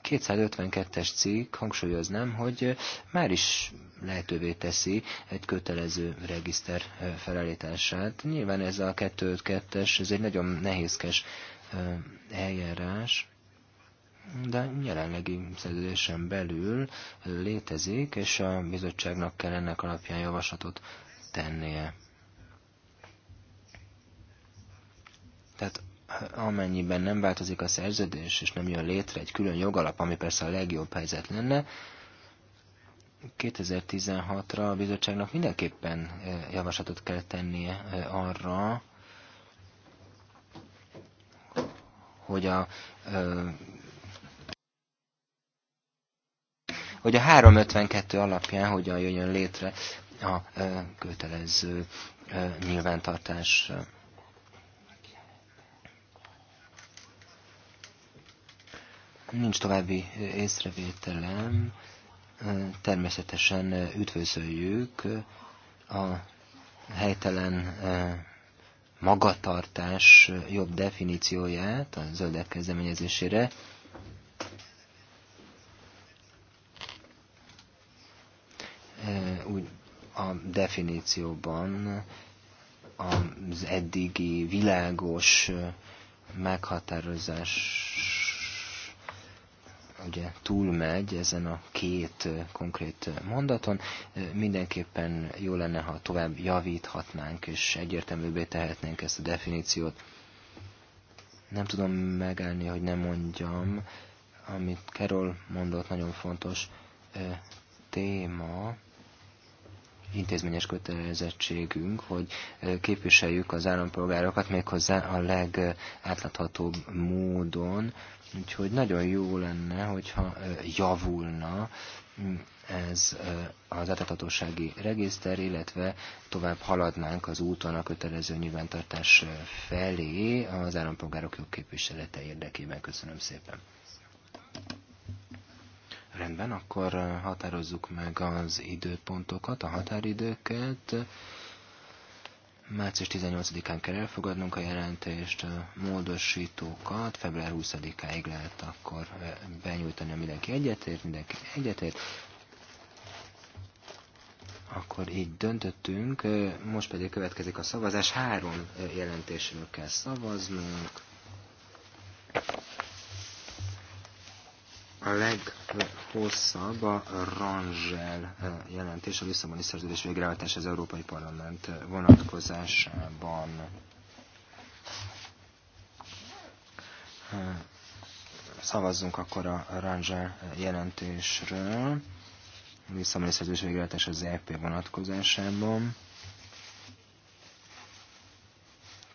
252-es cikk hangsúlyoznám, hogy már is lehetővé teszi egy kötelező regiszter felállítását. Nyilván ez a 252-es, ez egy nagyon nehézkes eljárás, de jelenlegi szerződésen belül létezik, és a bizottságnak kell ennek alapján javaslatot tennie. Tehát eh, amennyiben nem változik a szerződés, és nem jön létre egy külön jogalap, ami persze a legjobb helyzet lenne, 2016-ra a bizottságnak mindenképpen eh, javaslatot kell tennie eh, arra, hogy a hogy a 352 alapján hogyan jöjjön létre a kötelező nyilvántartás Nincs további észrevételem. Természetesen üdvözöljük a helytelen magatartás jobb definícióját a zöldek kezdeményezésére. Úgy a definícióban az eddigi világos meghatározás ugye túlmegy ezen a két konkrét mondaton. Mindenképpen jó lenne, ha tovább javíthatnánk, és egyértelműbbé tehetnénk ezt a definíciót. Nem tudom megállni, hogy nem mondjam, amit Carol mondott, nagyon fontos téma intézményes kötelezettségünk, hogy képviseljük az állampolgárokat méghozzá a legátláthatóbb módon, úgyhogy nagyon jó lenne, hogyha javulna mm, ez az átláthatósági regiszter, illetve tovább haladnánk az úton a kötelező nyilvántartás felé az állampolgárok jogképviselete érdekében. Köszönöm szépen. Rendben, akkor határozzuk meg az időpontokat, a határidőket. Március 18-án kell elfogadnunk a jelentést, módosítókat február 20-áig lehet akkor benyújtani, a mindenki egyetért, mindenki egyetért. Akkor így döntöttünk, most pedig következik a szavazás, három jelentésről kell szavaznunk a leghosszabb a Rangel eh, jelentés, a Lisszaboni Szerződés végrehajtás az Európai Parlament eh, vonatkozásában. Eh, szavazzunk akkor a Rangel jelentésről, a Lisszaboni Szerződés végrehajtás az EP vonatkozásában.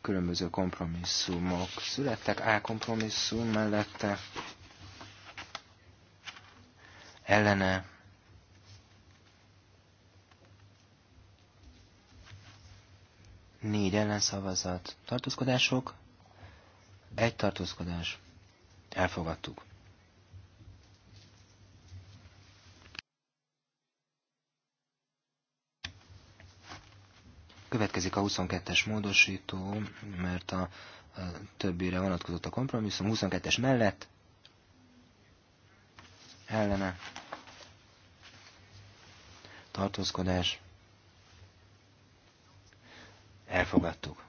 Különböző kompromisszumok születtek, A kompromisszum mellette ellene négy ellenszavazat, tartózkodások, egy tartózkodás, elfogadtuk. Következik a 22-es módosító, mert a, a többire vonatkozott a kompromisszum. 22-es mellett ellene tartózkodás elfogadtuk.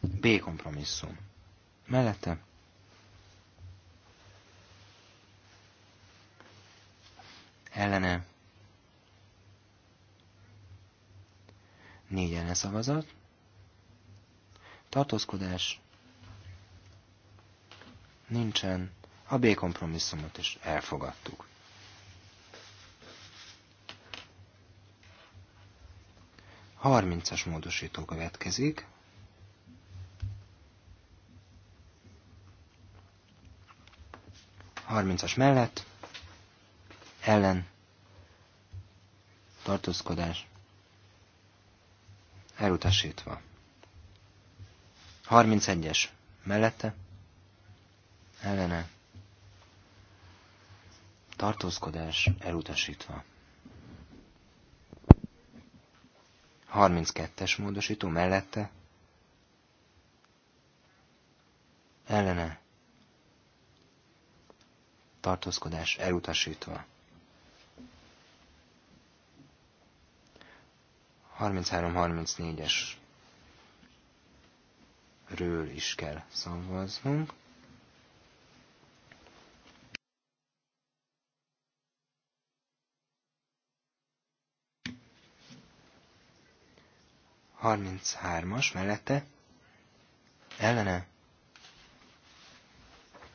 B kompromisszum. Mellette ellene négy szavazat. tartózkodás nincsen, a B kompromisszumot is elfogadtuk. Harmincas módosító következik. Harmincas mellett ellen tartózkodás elutasítva. 31-es mellette ellene tartózkodás elutasítva. 32-es módosító mellette, ellene, tartózkodás elutasítva. 33-34-es ről is kell szavaznunk. 33-as mellette ellene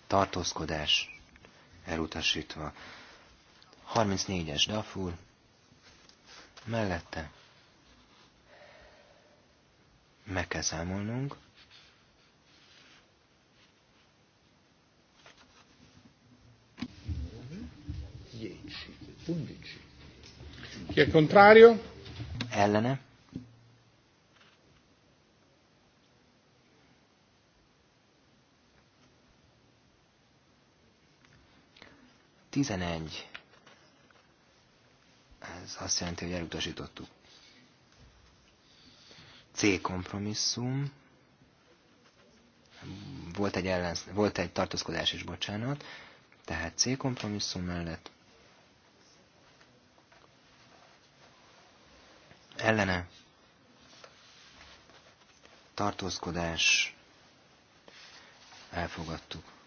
tartózkodás elutasítva. 34-es Dafur mellette meg kell számolnunk. Ki è contrario? Ellene 11. Ez azt jelenti, hogy elutasítottuk. C kompromisszum. Volt egy, ellensz, volt egy tartózkodás is, bocsánat. Tehát C kompromisszum mellett ellene tartózkodás elfogadtuk.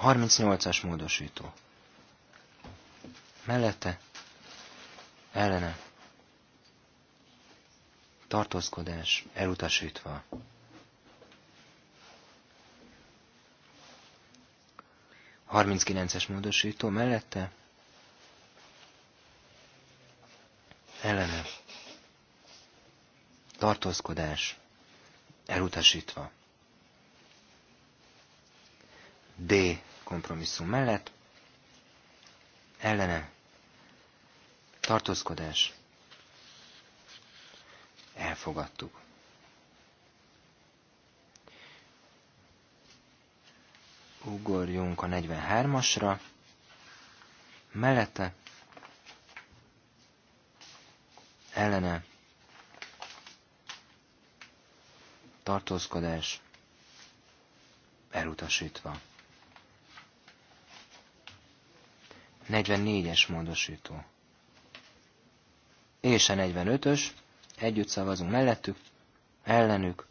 38-as módosító. Mellette, ellene, tartózkodás elutasítva. Harminckilences módosító mellette, ellene, tartózkodás elutasítva. D kompromisszum mellett, ellene, tartózkodás, elfogadtuk. Ugorjunk a 43-asra, mellette, ellene, tartózkodás, elutasítva. 44-es módosító. És a 45-ös. Együtt szavazunk mellettük, ellenük.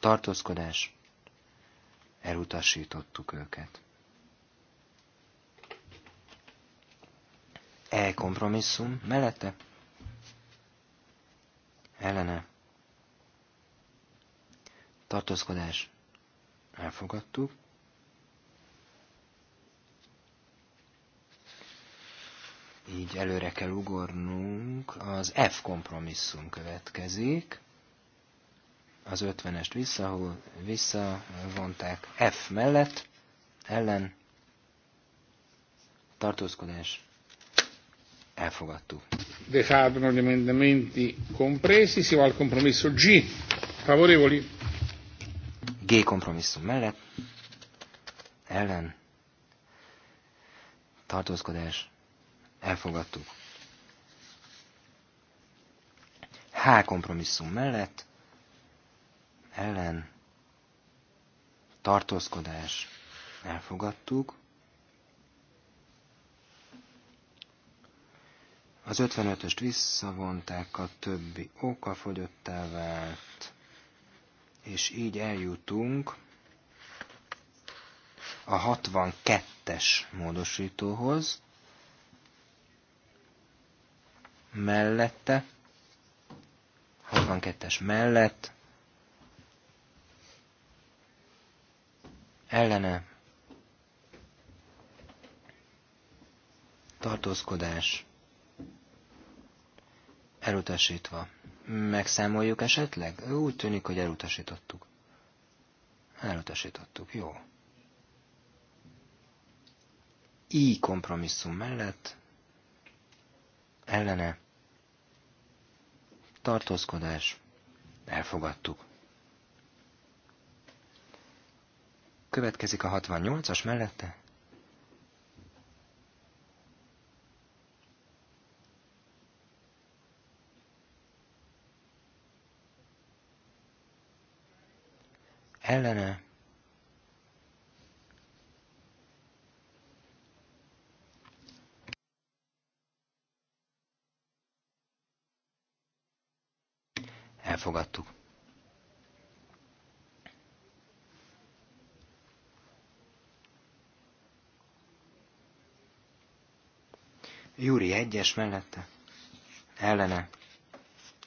Tartózkodás. Elutasítottuk őket. E kompromisszum mellette. Ellene. Tartózkodás. Elfogadtuk. így előre kell ugornunk. Az F kompromisszum következik. Az 50-est visszavonták F mellett, ellen, tartózkodás, elfogadtuk. fábrano gli emendamenti compresi, si va al compromesso G. Favorevoli? G kompromisszum mellett, ellen, tartózkodás, elfogadtuk. H kompromisszum mellett, ellen, tartózkodás, elfogadtuk. Az 55-öst visszavonták, a többi oka fogyottá vált, és így eljutunk a 62-es módosítóhoz, mellette, 62-es mellett, ellene, tartózkodás, elutasítva. Megszámoljuk esetleg? Úgy tűnik, hogy elutasítottuk. Elutasítottuk, jó. I kompromisszum mellett, ellene, tartózkodás, elfogadtuk. Következik a 68-as mellette. Ellene Elfogadtuk. Júri egyes mellette, ellene,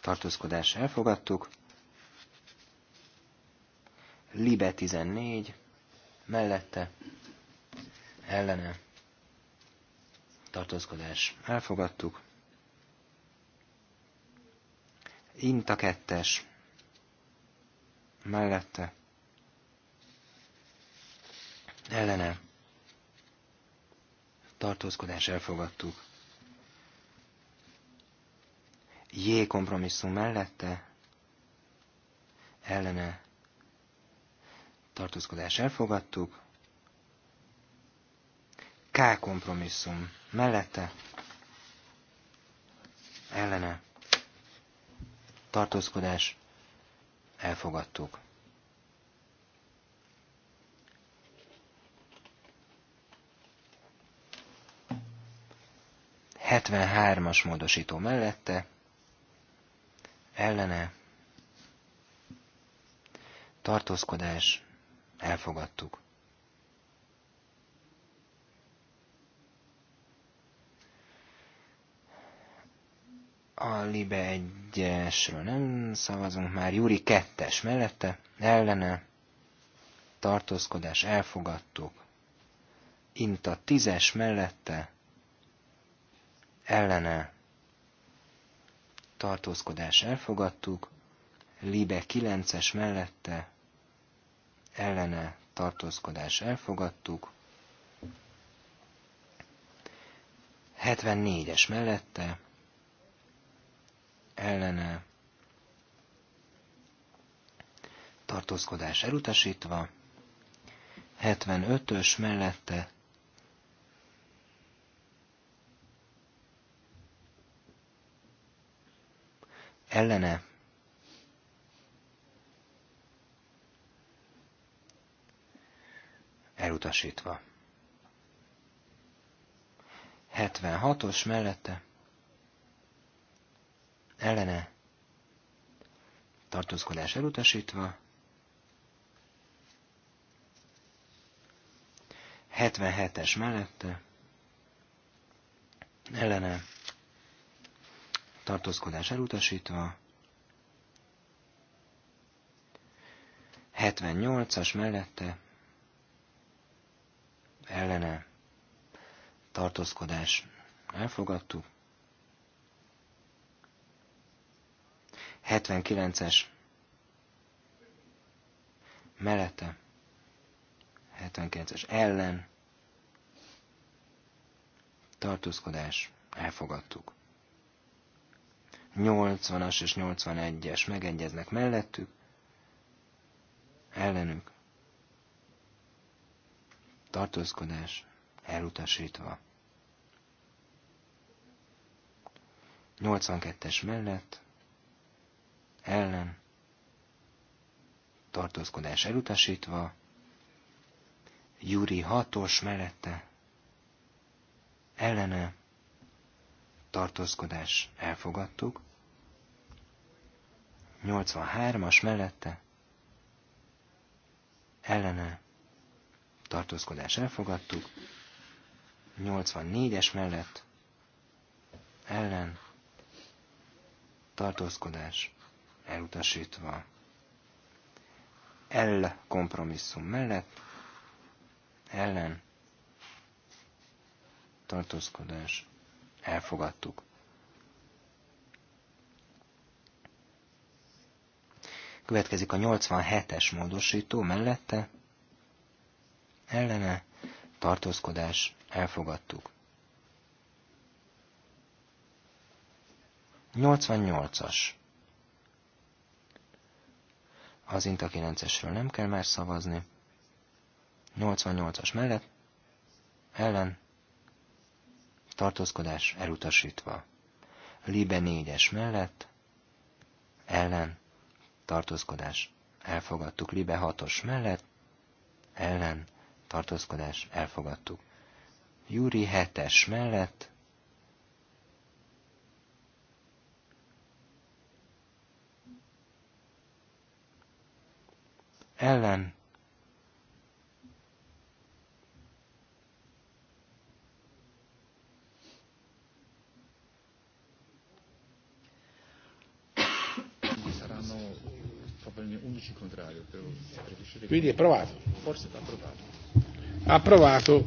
tartózkodás elfogadtuk. Libe 14, mellette, ellene, tartózkodás elfogadtuk. Inta kettes. Mellette. Ellene. Tartózkodás elfogadtuk. J kompromisszum mellette. Ellene. Tartózkodás elfogadtuk. K kompromisszum mellette. Ellene tartózkodás, elfogadtuk. Hetvenhármas módosító mellette, ellene, tartózkodás, elfogadtuk. A Libe 1-esről nem szavazunk már. Júri 2-es mellette, ellene, tartózkodás elfogadtuk. Inta 10-es mellette, ellene, tartózkodás elfogadtuk. Libe 9-es mellette, ellene, tartózkodás elfogadtuk. 74-es mellette, ellene tartózkodás elutasítva, 75-ös mellette ellene elutasítva. 76-os mellette ellene tartózkodás elutasítva, 77-es mellette, ellene tartózkodás elutasítva, 78-as mellette, ellene tartózkodás elfogadtuk, 79-es mellette, 79-es ellen, tartózkodás, elfogadtuk. 80-as és 81-es megegyeznek mellettük, ellenük, tartózkodás, elutasítva. 82-es mellett, ellen tartózkodás elutasítva, Júri hatos mellette ellene tartózkodás elfogadtuk, 83-as mellette ellene tartózkodás elfogadtuk, 84-es mellett ellen tartózkodás elutasítva. El kompromisszum mellett, ellen, tartózkodás, elfogadtuk. Következik a 87-es módosító mellette, ellene, tartózkodás, elfogadtuk. 88-as az Inta 9-esről nem kell már szavazni. 88-as mellett, ellen, tartózkodás elutasítva. Libe 4-es mellett, ellen, tartózkodás elfogadtuk. Libe 6-os mellett, ellen, tartózkodás elfogadtuk. Júri 7-es mellett, ellen Quindi è provato. Forse è approvato. Approvato.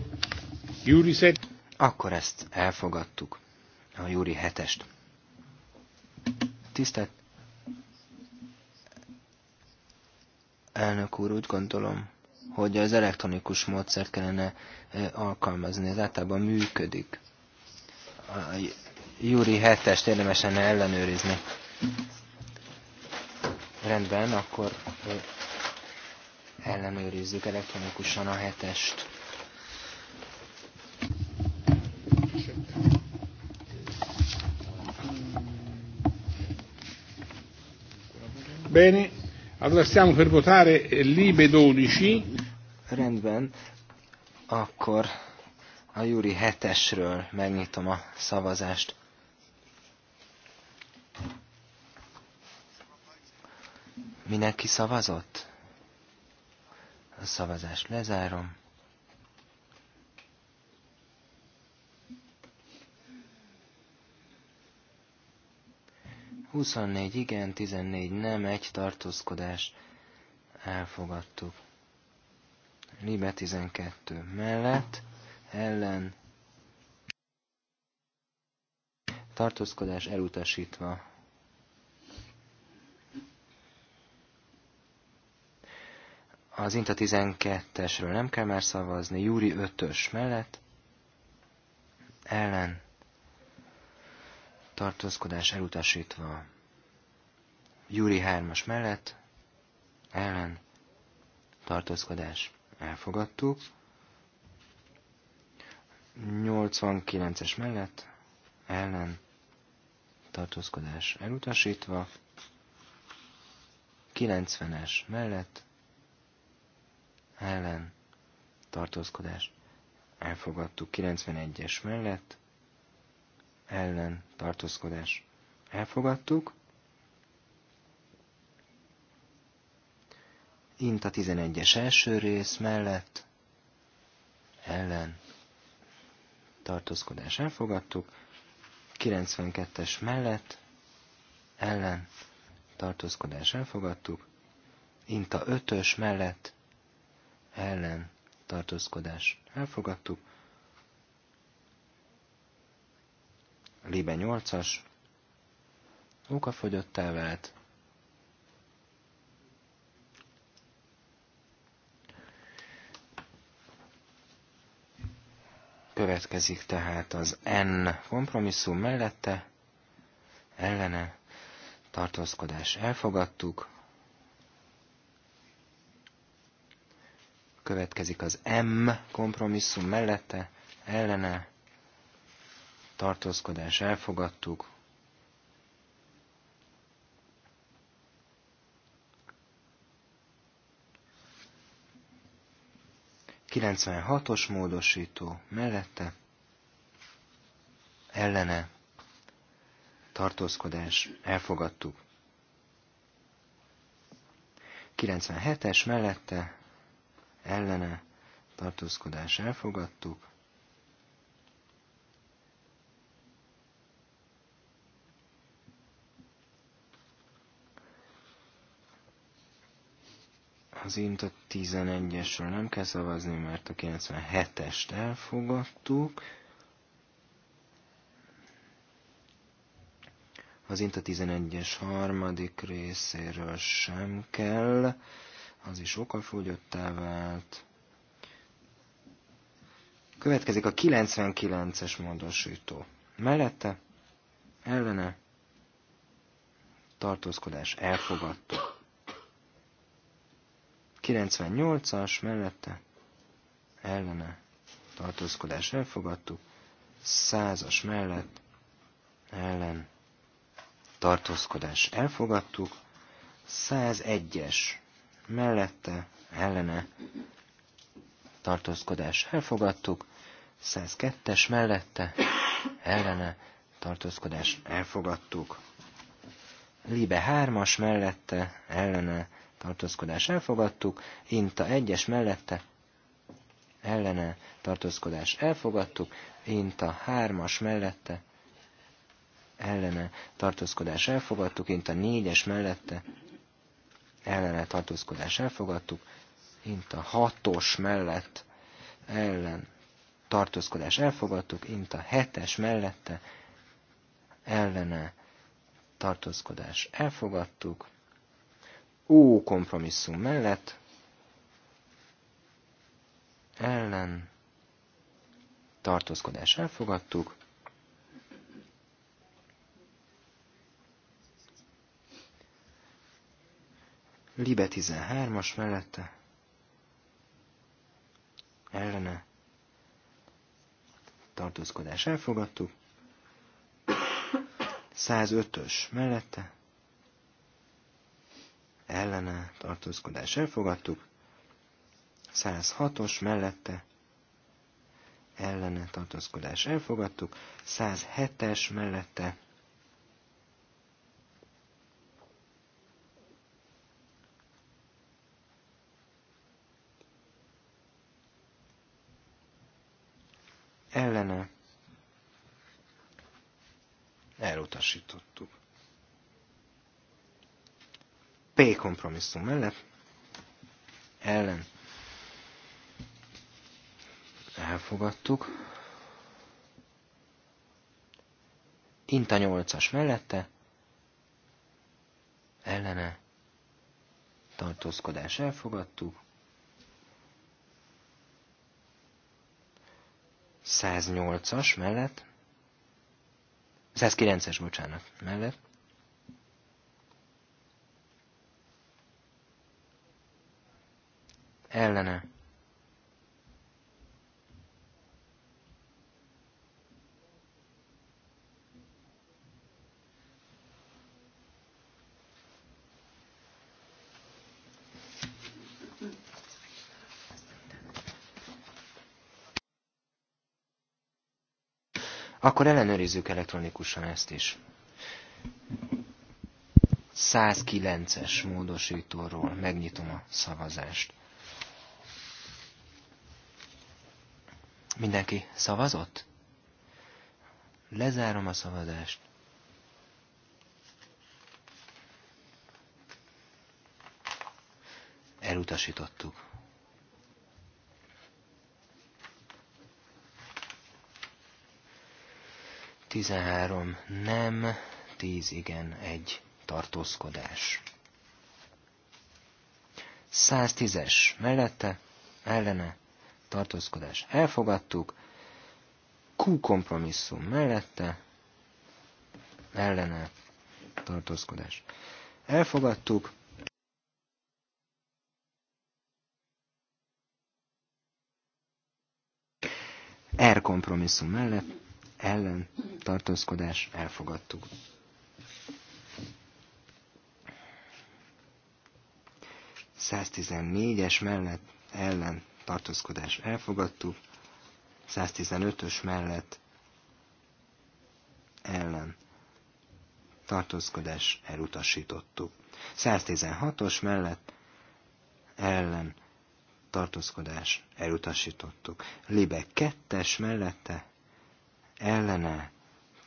Júri set. Akkor ezt elfogadtuk. A Júri hetest. Tisztelt Elnök úr, úgy gondolom, hogy az elektronikus módszert kellene e, alkalmazni, ez általában működik. A Júri 7-est ellenőrizni. Rendben, akkor e, ellenőrizzük elektronikusan a 7-est. Bene, Allora stiamo per votare Libe 12. Rendben, akkor a júri 7-esről megnyitom a szavazást. Mindenki szavazott? A szavazást lezárom. 24 igen, 14 nem, egy tartózkodás. Elfogadtuk. Libe 12 mellett, ellen, tartózkodás elutasítva. Az Inta 12-esről nem kell már szavazni, Júri 5-ös mellett, ellen, tartózkodás elutasítva. Júri 3-as mellett, ellen, tartózkodás elfogadtuk. 89-es mellett, ellen, tartózkodás elutasítva. 90-es mellett, ellen, tartózkodás elfogadtuk. 91-es mellett, ellen tartózkodás elfogadtuk. Int a 11-es első rész mellett ellen tartózkodás elfogadtuk. 92-es mellett ellen tartózkodás elfogadtuk. a 5-ös mellett ellen tartózkodás elfogadtuk. Libe 8-as, fogyott vált. Következik tehát az N kompromisszum mellette, ellene, tartózkodás elfogadtuk. Következik az M kompromisszum mellette, ellene, tartózkodás elfogadtuk. Kilencvenhatos módosító mellette ellene tartózkodás elfogadtuk. 97-es mellette ellene tartózkodás elfogadtuk. Az INTA 11-esről nem kell szavazni, mert a 97-est elfogadtuk. Az INTA 11-es harmadik részéről sem kell, az is okafogyottá vált. Következik a 99-es módosító. Mellette, ellene, tartózkodás, elfogadtuk. 98-as mellette ellene tartózkodás elfogadtuk, 100-as mellett ellen tartózkodás elfogadtuk, 101-es mellette ellene tartózkodás elfogadtuk, 102-es mellette ellene tartózkodás elfogadtuk, Libe 3-as mellette ellene tartózkodás elfogadtuk, Inta egyes mellette ellene tartózkodás elfogadtuk, Inta hármas mellette ellene tartózkodás elfogadtuk, Inta négyes mellette ellene tartózkodás elfogadtuk, Inta hatos mellett ellen tartózkodás elfogadtuk, Inta hetes mellette ellene tartózkodás elfogadtuk, ó kompromisszum mellett ellen tartózkodás elfogadtuk. Libe 13-as mellette ellene tartózkodás elfogadtuk. 105-ös mellette ellene tartózkodás elfogadtuk, 106-os mellette ellene tartózkodás elfogadtuk, 107-es mellette ellene elutasítottuk. P kompromisszum mellett ellen elfogadtuk. Inta 8-as mellette ellene tartózkodás elfogadtuk. 108-as mellett 109-es, bocsánat, mellett ellene. Akkor ellenőrizzük elektronikusan ezt is. 109-es módosítóról megnyitom a szavazást. Mindenki szavazott? Lezárom a szavazást. Elutasítottuk. Tizenhárom nem, tíz igen, egy tartózkodás. 110-es mellette, ellene tartózkodás elfogadtuk, Q kompromisszum mellette, ellene tartózkodás elfogadtuk, R kompromisszum mellett ellen tartózkodás elfogadtuk. es mellett ellen tartózkodás elfogadtuk, 115-ös mellett ellen tartózkodás elutasítottuk. 116-os mellett ellen tartózkodás elutasítottuk. Libe 2-es mellette ellene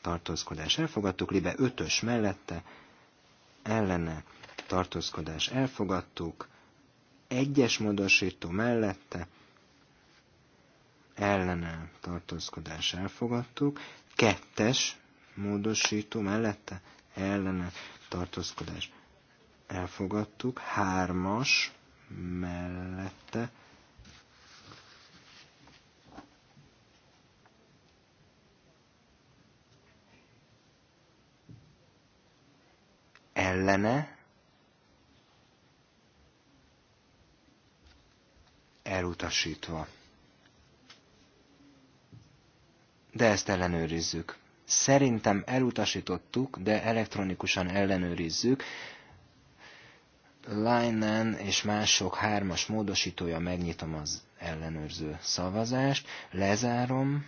tartózkodás elfogadtuk, Libe 5-ös mellette ellene tartózkodás elfogadtuk, egyes módosító mellette ellene tartózkodás elfogadtuk, kettes módosító mellette ellene tartózkodás elfogadtuk, hármas mellette ellene elutasítva. De ezt ellenőrizzük. Szerintem elutasítottuk, de elektronikusan ellenőrizzük. Linen és mások hármas módosítója, megnyitom az ellenőrző szavazást, lezárom,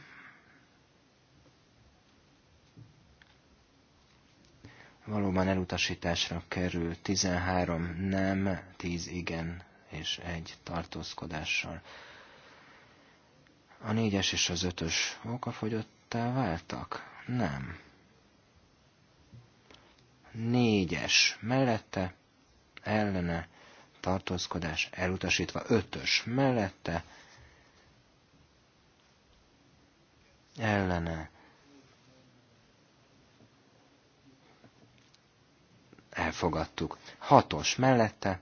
valóban elutasításra kerül 13 nem, 10 igen és egy tartózkodással. A négyes és az ötös okafogyottá váltak? Nem. Négyes mellette, ellene, tartózkodás elutasítva, ötös mellette, ellene, elfogadtuk. Hatos mellette,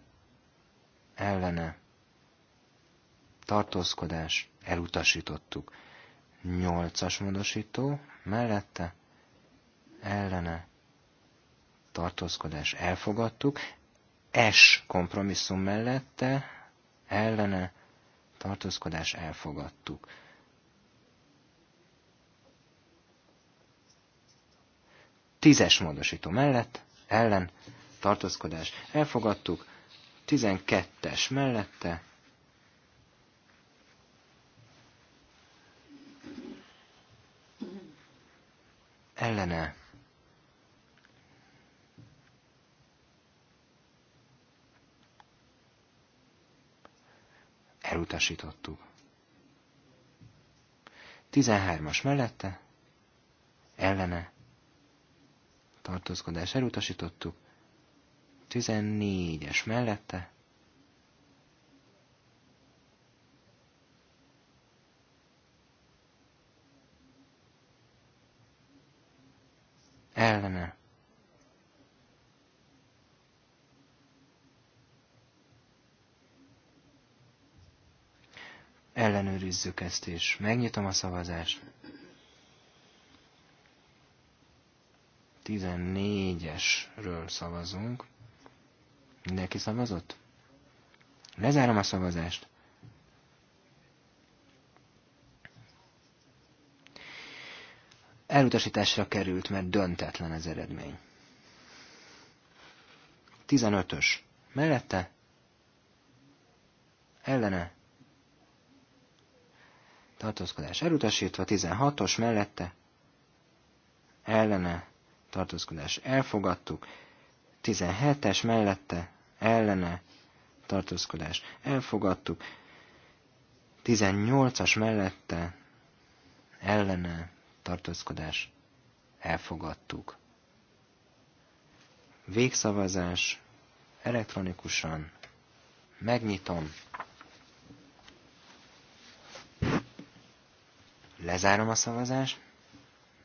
ellene tartózkodás, elutasítottuk. Nyolcas módosító, mellette, ellene, tartózkodás, elfogadtuk. S kompromisszum mellette, ellene, tartózkodás, elfogadtuk. Tízes módosító mellett, ellen, tartózkodás, elfogadtuk 12-es mellette, ellene. Elutasítottuk. 13-as mellette, ellene, tartózkodás elutasítottuk. 14-es mellette. Ellene. Ellenőrizzük ezt és Megnyitom a szavazást. 14-esről szavazunk. Mindenki szavazott? Lezárom a szavazást. Elutasításra került, mert döntetlen az eredmény. 15-ös. Mellette? Ellene? Tartózkodás elutasítva. 16-os mellette? Ellene? Tartózkodás elfogadtuk. 17-es mellette? ellene tartózkodás. Elfogadtuk. 18-as mellette ellene tartózkodás. Elfogadtuk. Végszavazás elektronikusan. Megnyitom. Lezárom a szavazást.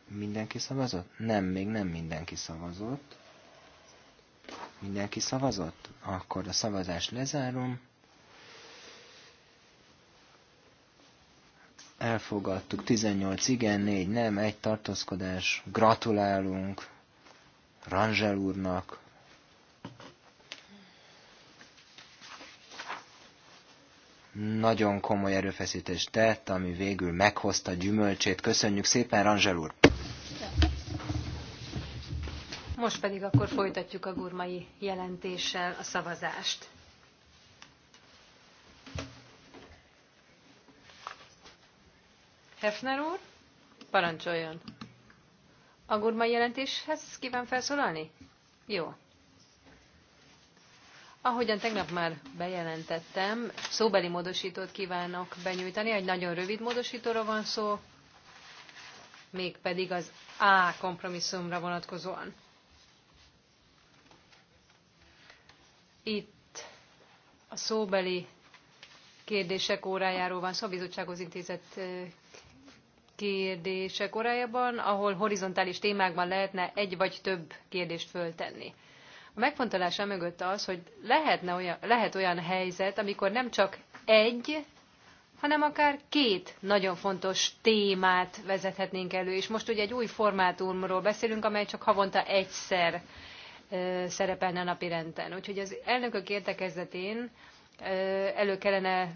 Mindenki szavazott? Nem, még nem mindenki szavazott. Mindenki szavazott? Akkor a szavazást lezárom. Elfogadtuk 18 igen, 4 nem, egy tartózkodás. Gratulálunk Rangel úrnak. Nagyon komoly erőfeszítést tett, ami végül meghozta gyümölcsét. Köszönjük szépen, Rangel úr! Most pedig akkor folytatjuk a gurmai jelentéssel a szavazást. Hefner úr, parancsoljon. A gurmai jelentéshez kíván felszólalni? Jó. Ahogyan tegnap már bejelentettem, szóbeli módosítót kívánok benyújtani, egy nagyon rövid módosítóra van szó, mégpedig az A kompromisszumra vonatkozóan. Itt a szóbeli kérdések órájáról van szó, a bizottsághoz intézett kérdések órájában, ahol horizontális témákban lehetne egy vagy több kérdést föltenni. A megfontolása mögött az, hogy lehetne olyan, lehet olyan helyzet, amikor nem csak egy, hanem akár két nagyon fontos témát vezethetnénk elő. És most ugye egy új formátumról beszélünk, amely csak havonta egyszer szerepelne a napirenden. Úgyhogy az elnökök értekezletén elő kellene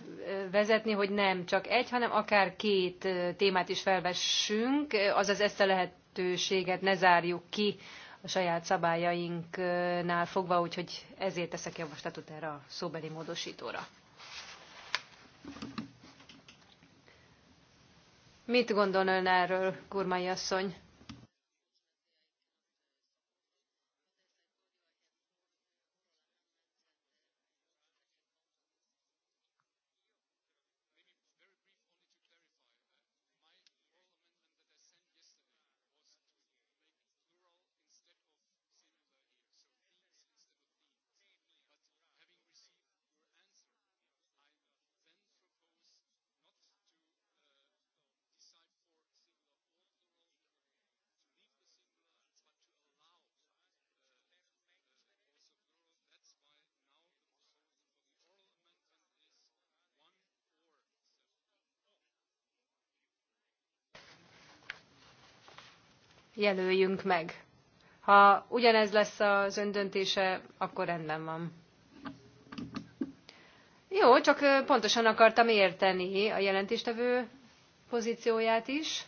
vezetni, hogy nem csak egy, hanem akár két témát is felvessünk, azaz ezt a lehetőséget ne zárjuk ki a saját szabályainknál fogva, úgyhogy ezért teszek javaslatot erre a szóbeli módosítóra. Mit gondol ön erről, Kurmai asszony? jelöljünk meg. Ha ugyanez lesz az öndöntése, akkor rendben van. Jó, csak pontosan akartam érteni a jelentéstevő pozícióját is.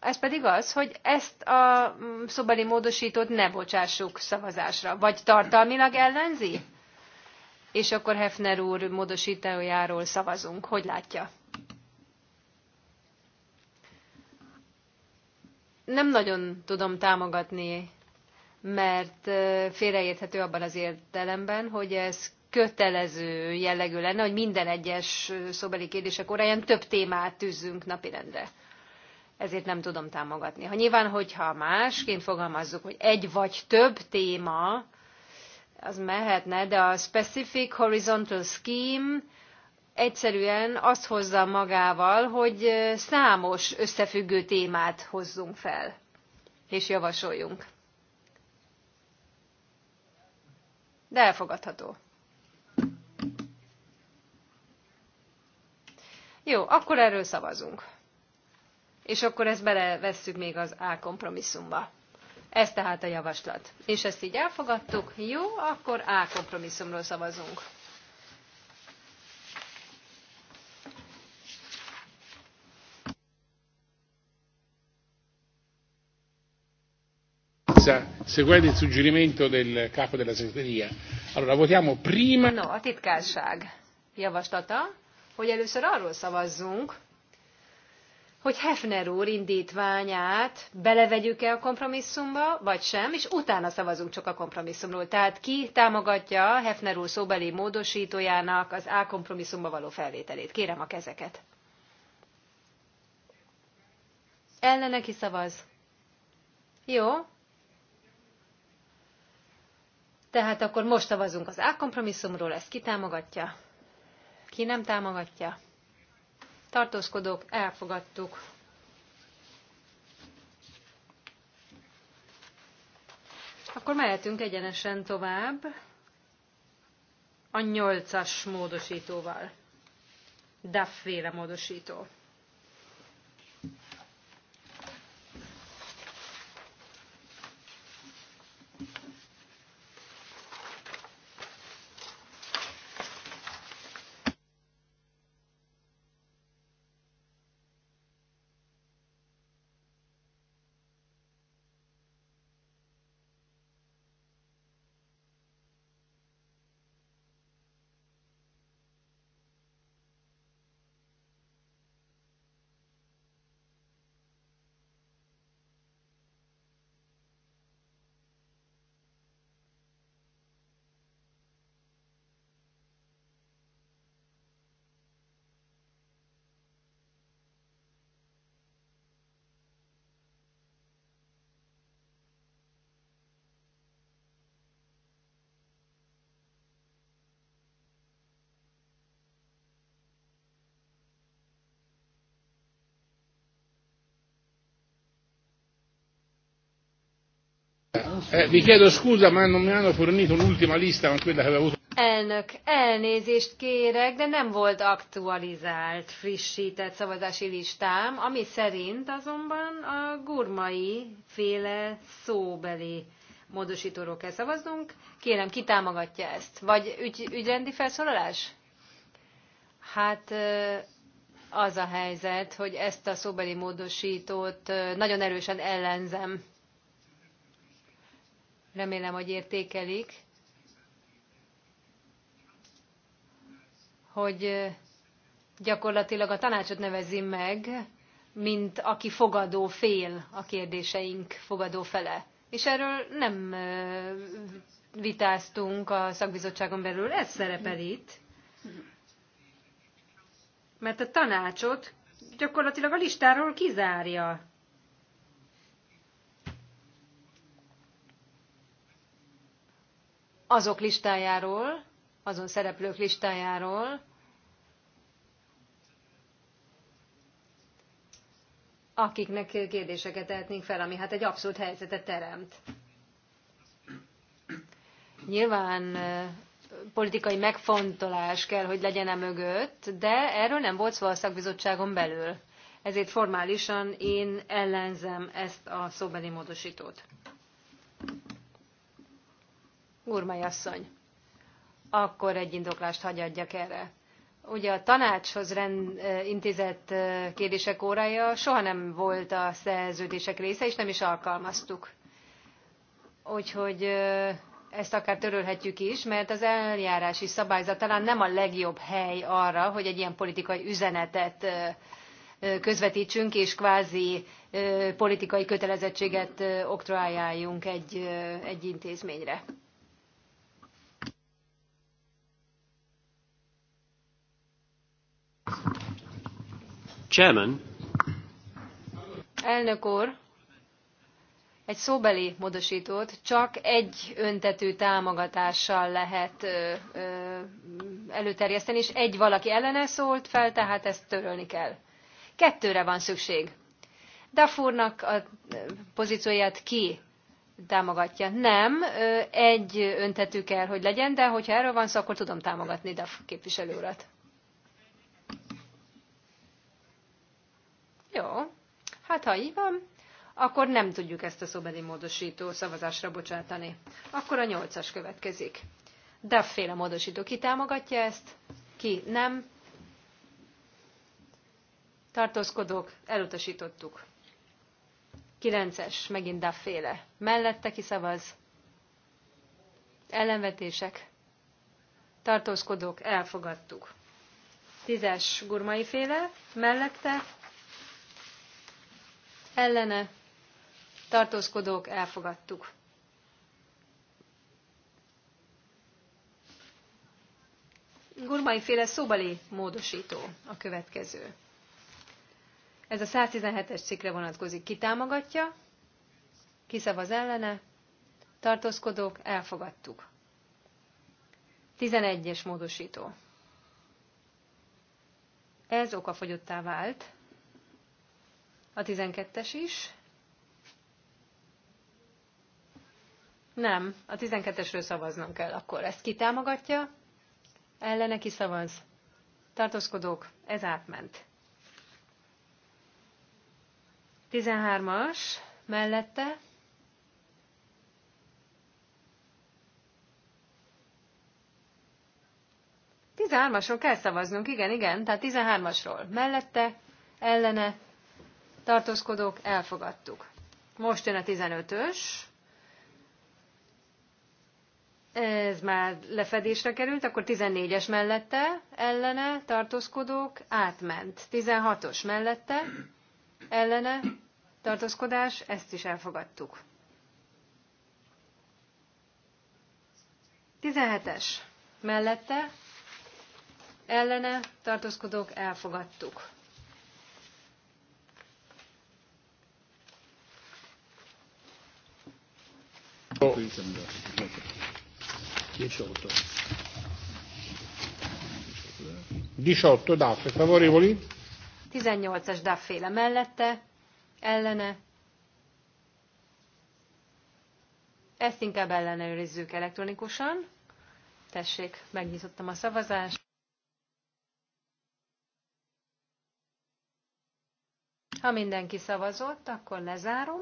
Ez pedig az, hogy ezt a mm, szobali módosítót ne bocsássuk szavazásra. Vagy tartalmilag ellenzi? És akkor Hefner úr módosítójáról szavazunk. Hogy látja? nem nagyon tudom támogatni, mert félreérthető abban az értelemben, hogy ez kötelező jellegű lenne, hogy minden egyes szóbeli kérdések óráján több témát tűzzünk napirendre. Ezért nem tudom támogatni. Ha nyilván, hogyha másként fogalmazzuk, hogy egy vagy több téma, az mehetne, de a Specific Horizontal Scheme egyszerűen azt hozza magával, hogy számos összefüggő témát hozzunk fel és javasoljunk. De elfogadható. Jó, akkor erről szavazunk. És akkor ezt belevesszük még az A kompromisszumba. Ez tehát a javaslat. És ezt így elfogadtuk. Jó, akkor A kompromisszumról szavazunk. scusa seguendo il suggerimento del capo della segreteria. Allora, votiamo prima... No, a titkárság javaslata, hogy először arról szavazzunk, hogy Hefner úr indítványát belevegyük-e a kompromisszumba, vagy sem, és utána szavazunk csak a kompromisszumról. Tehát ki támogatja Hefner úr szóbeli módosítójának az A kompromisszumba való felvételét? Kérem a kezeket. Ellene ki szavaz? Jó, tehát akkor most szavazunk az A kompromisszumról, ezt ki támogatja? Ki nem támogatja? Tartózkodók, elfogadtuk. Akkor mehetünk egyenesen tovább a nyolcas módosítóval. duff féle módosító. Eh, vi chiedo scusa, ma non mi hanno fornito l'ultima lista, ma quella che avevo avuto. Elnök, elnézést kérek, de nem volt aktualizált, frissített szavazási listám, ami szerint azonban a gurmai féle szóbeli módosítóról kell szavaznunk. Kérem, ki támogatja ezt? Vagy ügy, ügyrendi felszólalás? Hát eh, az a helyzet, hogy ezt a szóbeli módosítót eh, nagyon erősen ellenzem. Remélem, hogy értékelik, hogy gyakorlatilag a tanácsot nevezi meg, mint aki fogadó fél a kérdéseink fogadó fele. És erről nem vitáztunk a szakbizottságon belül, ez szerepel itt. Mert a tanácsot gyakorlatilag a listáról kizárja azok listájáról, azon szereplők listájáról, akiknek kérdéseket tehetnénk fel, ami hát egy abszolút helyzetet teremt. Nyilván politikai megfontolás kell, hogy legyen -e mögött, de erről nem volt szó a szakbizottságon belül. Ezért formálisan én ellenzem ezt a szóbeli módosítót. Gurmai asszony, akkor egy indoklást hagyadjak erre. Ugye a tanácshoz rend, intézett kérdések órája soha nem volt a szerződések része, és nem is alkalmaztuk. Úgyhogy ezt akár törölhetjük is, mert az eljárási szabályzat talán nem a legjobb hely arra, hogy egy ilyen politikai üzenetet közvetítsünk, és kvázi politikai kötelezettséget oktroáljunk egy, egy intézményre. Chairman. Elnök úr, egy szóbeli módosítót csak egy öntetű támogatással lehet ö, ö, előterjeszteni, és egy valaki ellene szólt fel, tehát ezt törölni kell. Kettőre van szükség. Dafurnak a pozícióját ki támogatja? Nem, egy öntetű kell, hogy legyen, de hogyha erről van szó, akkor tudom támogatni Daf képviselő urat. Jó. Hát ha így van, akkor nem tudjuk ezt a szóbeli módosító szavazásra bocsátani. Akkor a nyolcas következik. Duff-féle módosító ki támogatja ezt, ki nem. Tartózkodók, elutasítottuk. Kilences, megint Duff-féle. Mellette ki szavaz. Ellenvetések. Tartózkodók, elfogadtuk. Tízes, gurmai féle, mellette ellene tartózkodók elfogadtuk. Gurmai féle szóbeli módosító a következő. Ez a 117-es cikkre vonatkozik. Ki támogatja, kiszavaz ellene, tartózkodók, elfogadtuk. 11-es módosító. Ez okafogyottá vált, a 12-es is. Nem, a 12-esről szavaznom kell. Akkor ezt ki támogatja? Ellene ki szavaz? Tartózkodók, ez átment. 13-as, mellette. Tizenhármasról kell szavaznunk, igen, igen, tehát 13-asról. Mellette, ellene, tartózkodók, elfogadtuk. Most jön a 15-ös. Ez már lefedésre került, akkor 14-es mellette, ellene, tartózkodók, átment. 16-os mellette, ellene, tartózkodás, ezt is elfogadtuk. 17-es mellette, ellene, tartózkodók, elfogadtuk. 18. 18 Duff, favorevoli? 18-as Duff féle mellette, ellene. Ezt inkább ellenőrizzük elektronikusan. Tessék, megnyitottam a szavazást. Ha mindenki szavazott, akkor lezárom.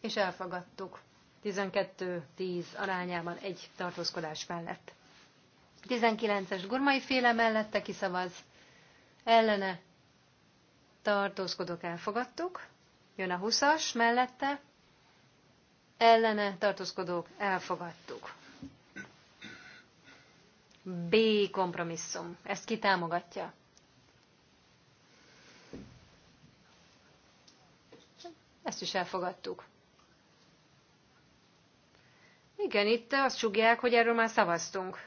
és elfogadtuk 12-10 arányában egy tartózkodás mellett. 19-es gurmai féle mellette kiszavaz, ellene tartózkodok, elfogadtuk, jön a 20-as mellette, ellene tartózkodók, elfogadtuk. B kompromisszum. Ezt ki támogatja? Ezt is elfogadtuk. Igen, itt azt sugják, hogy erről már szavaztunk.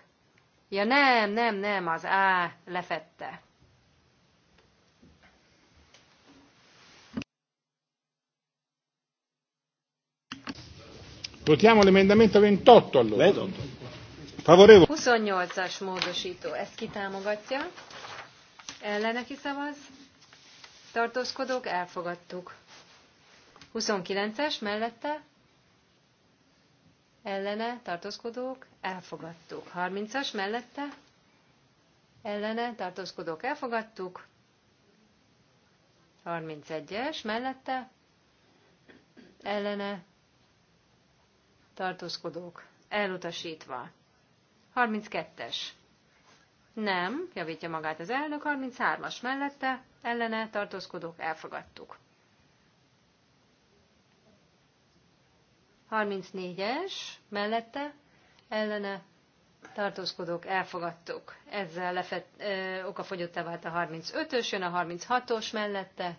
Ja nem, nem, nem, az A lefette. Votiamo l'emendamento 28 allora. 28. 28-as módosító. Ezt kitámogatja. Ellene szavaz. Tartózkodók, elfogadtuk. 29-es mellette ellene tartózkodók elfogadtuk. 30-as mellette ellene tartózkodók elfogadtuk. 31-es mellette ellene tartózkodók elutasítva. 32-es. Nem, javítja magát az elnök, 33-as mellette ellene tartózkodók elfogadtuk. 34-es mellette ellene tartózkodók elfogadtuk. Ezzel lefett, ö, okafogyottá vált a 35-ös, jön a 36-os mellette.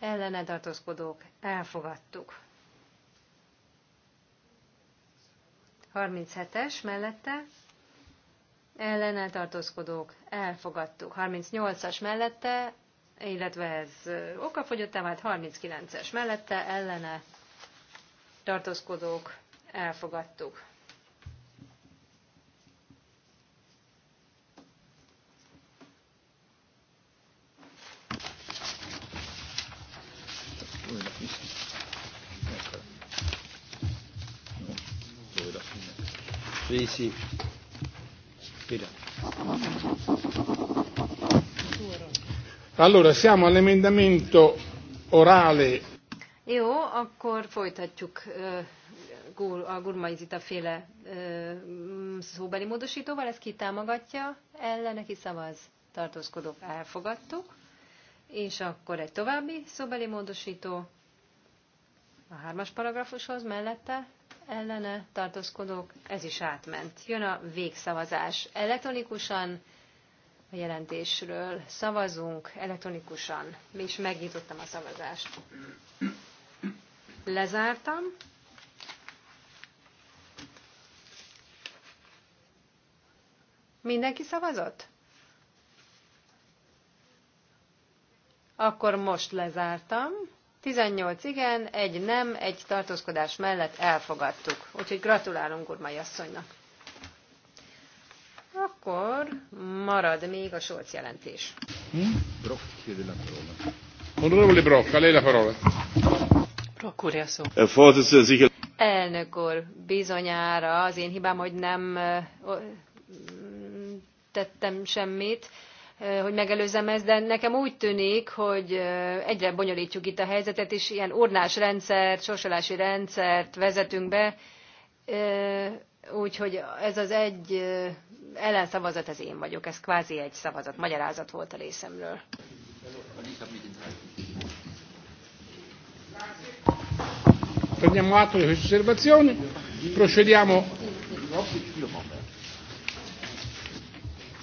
Ellene tartózkodók elfogadtuk. 37-es mellette. Ellene tartózkodók elfogadtuk. 38-as mellette, illetve ez okafogyottá vált, 39-es mellette ellene tartózkodók, elfogadtuk. Sì, sì. Allora, siamo all'emendamento orale jó, akkor folytatjuk a Gurmaizita féle szóbeli módosítóval. Ezt ki támogatja? Ellene ki szavaz? Tartózkodók elfogadtuk. És akkor egy további szóbeli módosító a hármas paragrafushoz mellette ellene tartózkodók, ez is átment. Jön a végszavazás. Elektronikusan a jelentésről szavazunk elektronikusan. És megnyitottam a szavazást. Lezártam. Mindenki szavazott? Akkor most lezártam. 18 igen, egy nem, egy tartózkodás mellett elfogadtuk. Úgyhogy gratulálunk Urmai asszonynak. Akkor marad még a Solc jelentés. Hm? Brock, Onorevole Brock, a parola. Elnök úr, bizonyára az én hibám, hogy nem tettem semmit, hogy megelőzem ezt, de nekem úgy tűnik, hogy egyre bonyolítjuk itt a helyzetet, és ilyen urnás rendszert, sorsolási rendszert vezetünk be, úgyhogy ez az egy ellenszavazat, ez én vagyok, ez kvázi egy szavazat, magyarázat volt a részemről. Prendiamo atto di queste osservazioni. Procediamo.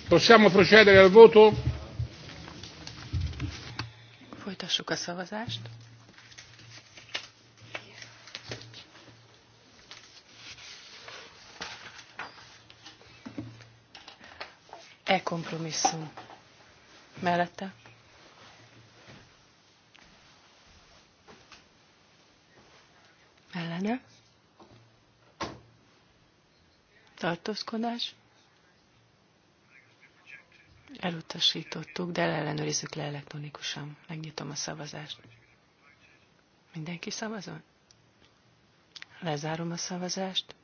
Possiamo procedere al voto? Folytassuk a szavazást. E kompromisszum. Mellette? ellene, tartózkodás, elutasítottuk, de ellenőrizzük le elektronikusan. Megnyitom a szavazást. Mindenki szavazol? Lezárom a szavazást.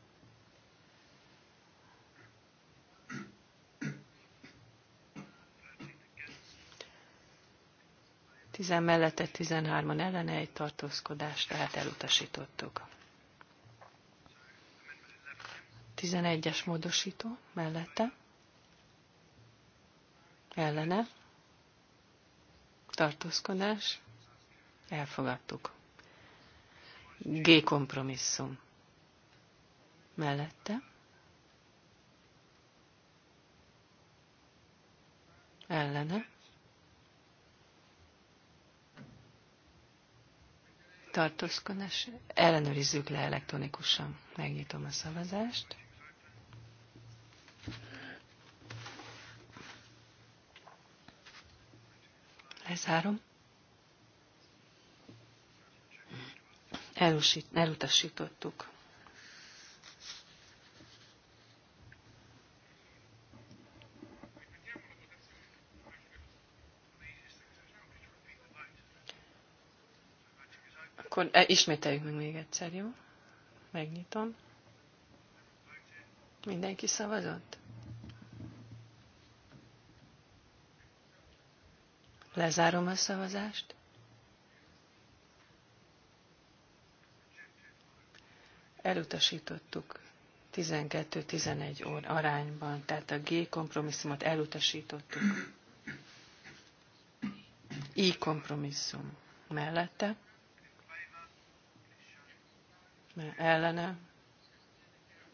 10 mellette 13-an ellene egy tartózkodást, tehát elutasítottuk. 11-es módosító mellette ellene tartózkodás, elfogadtuk. G kompromisszum mellette ellene tartózkodás. Ellenőrizzük le elektronikusan. Megnyitom a szavazást. Lezárom. Elusít, elutasítottuk. akkor e, ismételjük meg még egyszer, jó? Megnyitom. Mindenki szavazott? Lezárom a szavazást. Elutasítottuk 12-11 óra arányban, tehát a G kompromisszumot elutasítottuk. I kompromisszum mellette ellene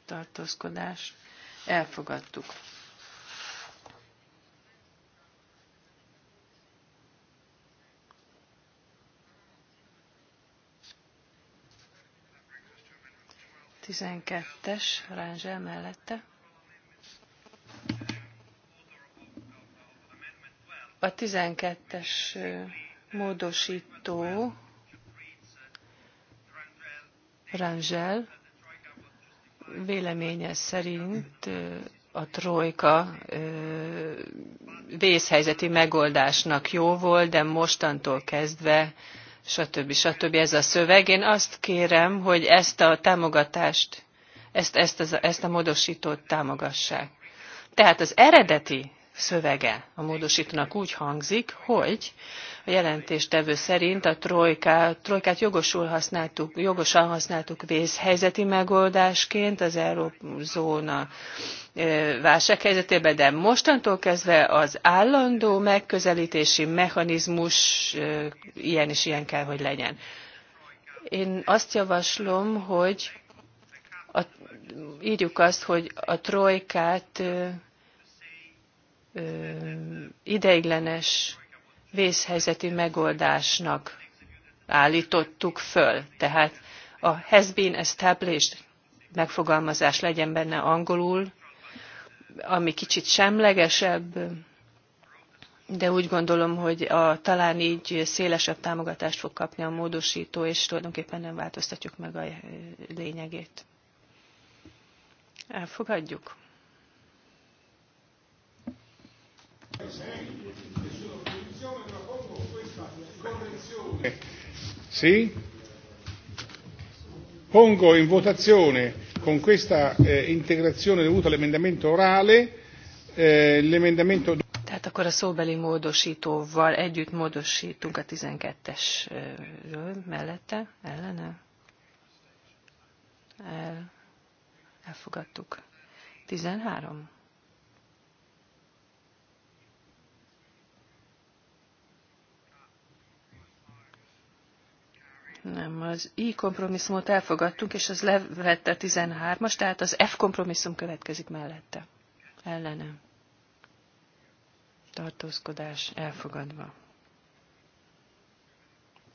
tartózkodás. Elfogadtuk. Tizenkettes Ránzsel mellette. A tizenkettes módosító Rangel véleménye szerint a trojka vészhelyzeti megoldásnak jó volt, de mostantól kezdve stb. stb. ez a szöveg. Én azt kérem, hogy ezt a támogatást, ezt, ezt, ezt a módosítót támogassák. Tehát az eredeti szövege a módosítónak úgy hangzik, hogy a jelentéstevő szerint a trojkát, trojkát jogosul használtuk, jogosan használtuk vészhelyzeti megoldásként az eurózóna válsághelyzetében, de mostantól kezdve az állandó megközelítési mechanizmus ilyen is ilyen kell, hogy legyen. Én azt javaslom, hogy a, írjuk azt, hogy a trojkát ideiglenes vészhelyzeti megoldásnak állítottuk föl. Tehát a has been established megfogalmazás legyen benne angolul, ami kicsit semlegesebb, de úgy gondolom, hogy a, talán így szélesebb támogatást fog kapni a módosító, és tulajdonképpen nem változtatjuk meg a lényegét. Elfogadjuk. Sì? Pongo in votazione con questa eh, integrazione dovuta all'emendamento orale eh, l'emendamento. Tehát akkor a szóbeli módosítóval együtt módosítunk a 12 es mellette, ellene? El, elfogadtuk. 13. Nem, az I kompromisszumot elfogadtunk, és az levette 13-as, tehát az F kompromisszum következik mellette. Ellenem. Tartózkodás elfogadva.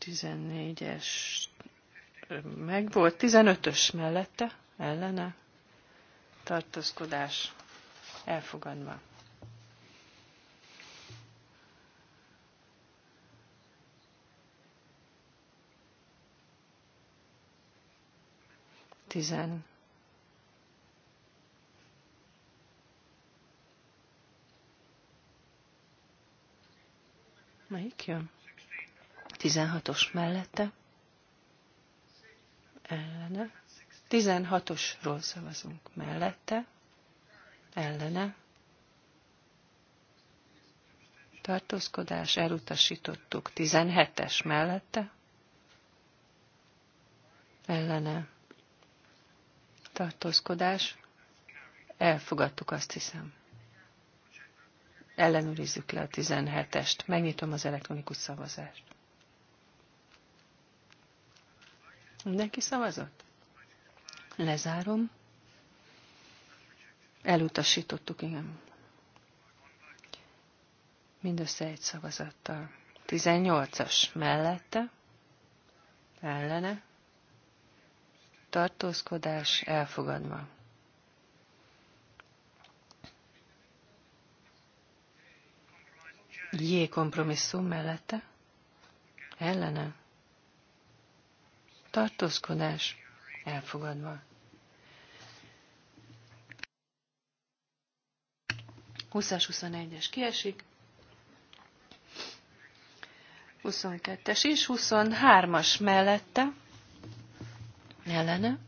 14-es meg volt 15-ös mellette, ellene, tartózkodás elfogadva. tizen. Melyik jön? 16-os mellette. Ellene. 16-osról szavazunk mellette. Ellene. Tartózkodás elutasítottuk. 17-es mellette. Ellene tartózkodás, elfogadtuk azt hiszem. Ellenőrizzük le a 17-est. Megnyitom az elektronikus szavazást. Mindenki szavazott? Lezárom. Elutasítottuk, igen. Mindössze egy szavazattal. 18-as mellette, ellene, tartózkodás elfogadva. J kompromisszum mellette, ellene, tartózkodás elfogadva. 20-as, 21-es kiesik, 22-es és 23-as mellette, ellene,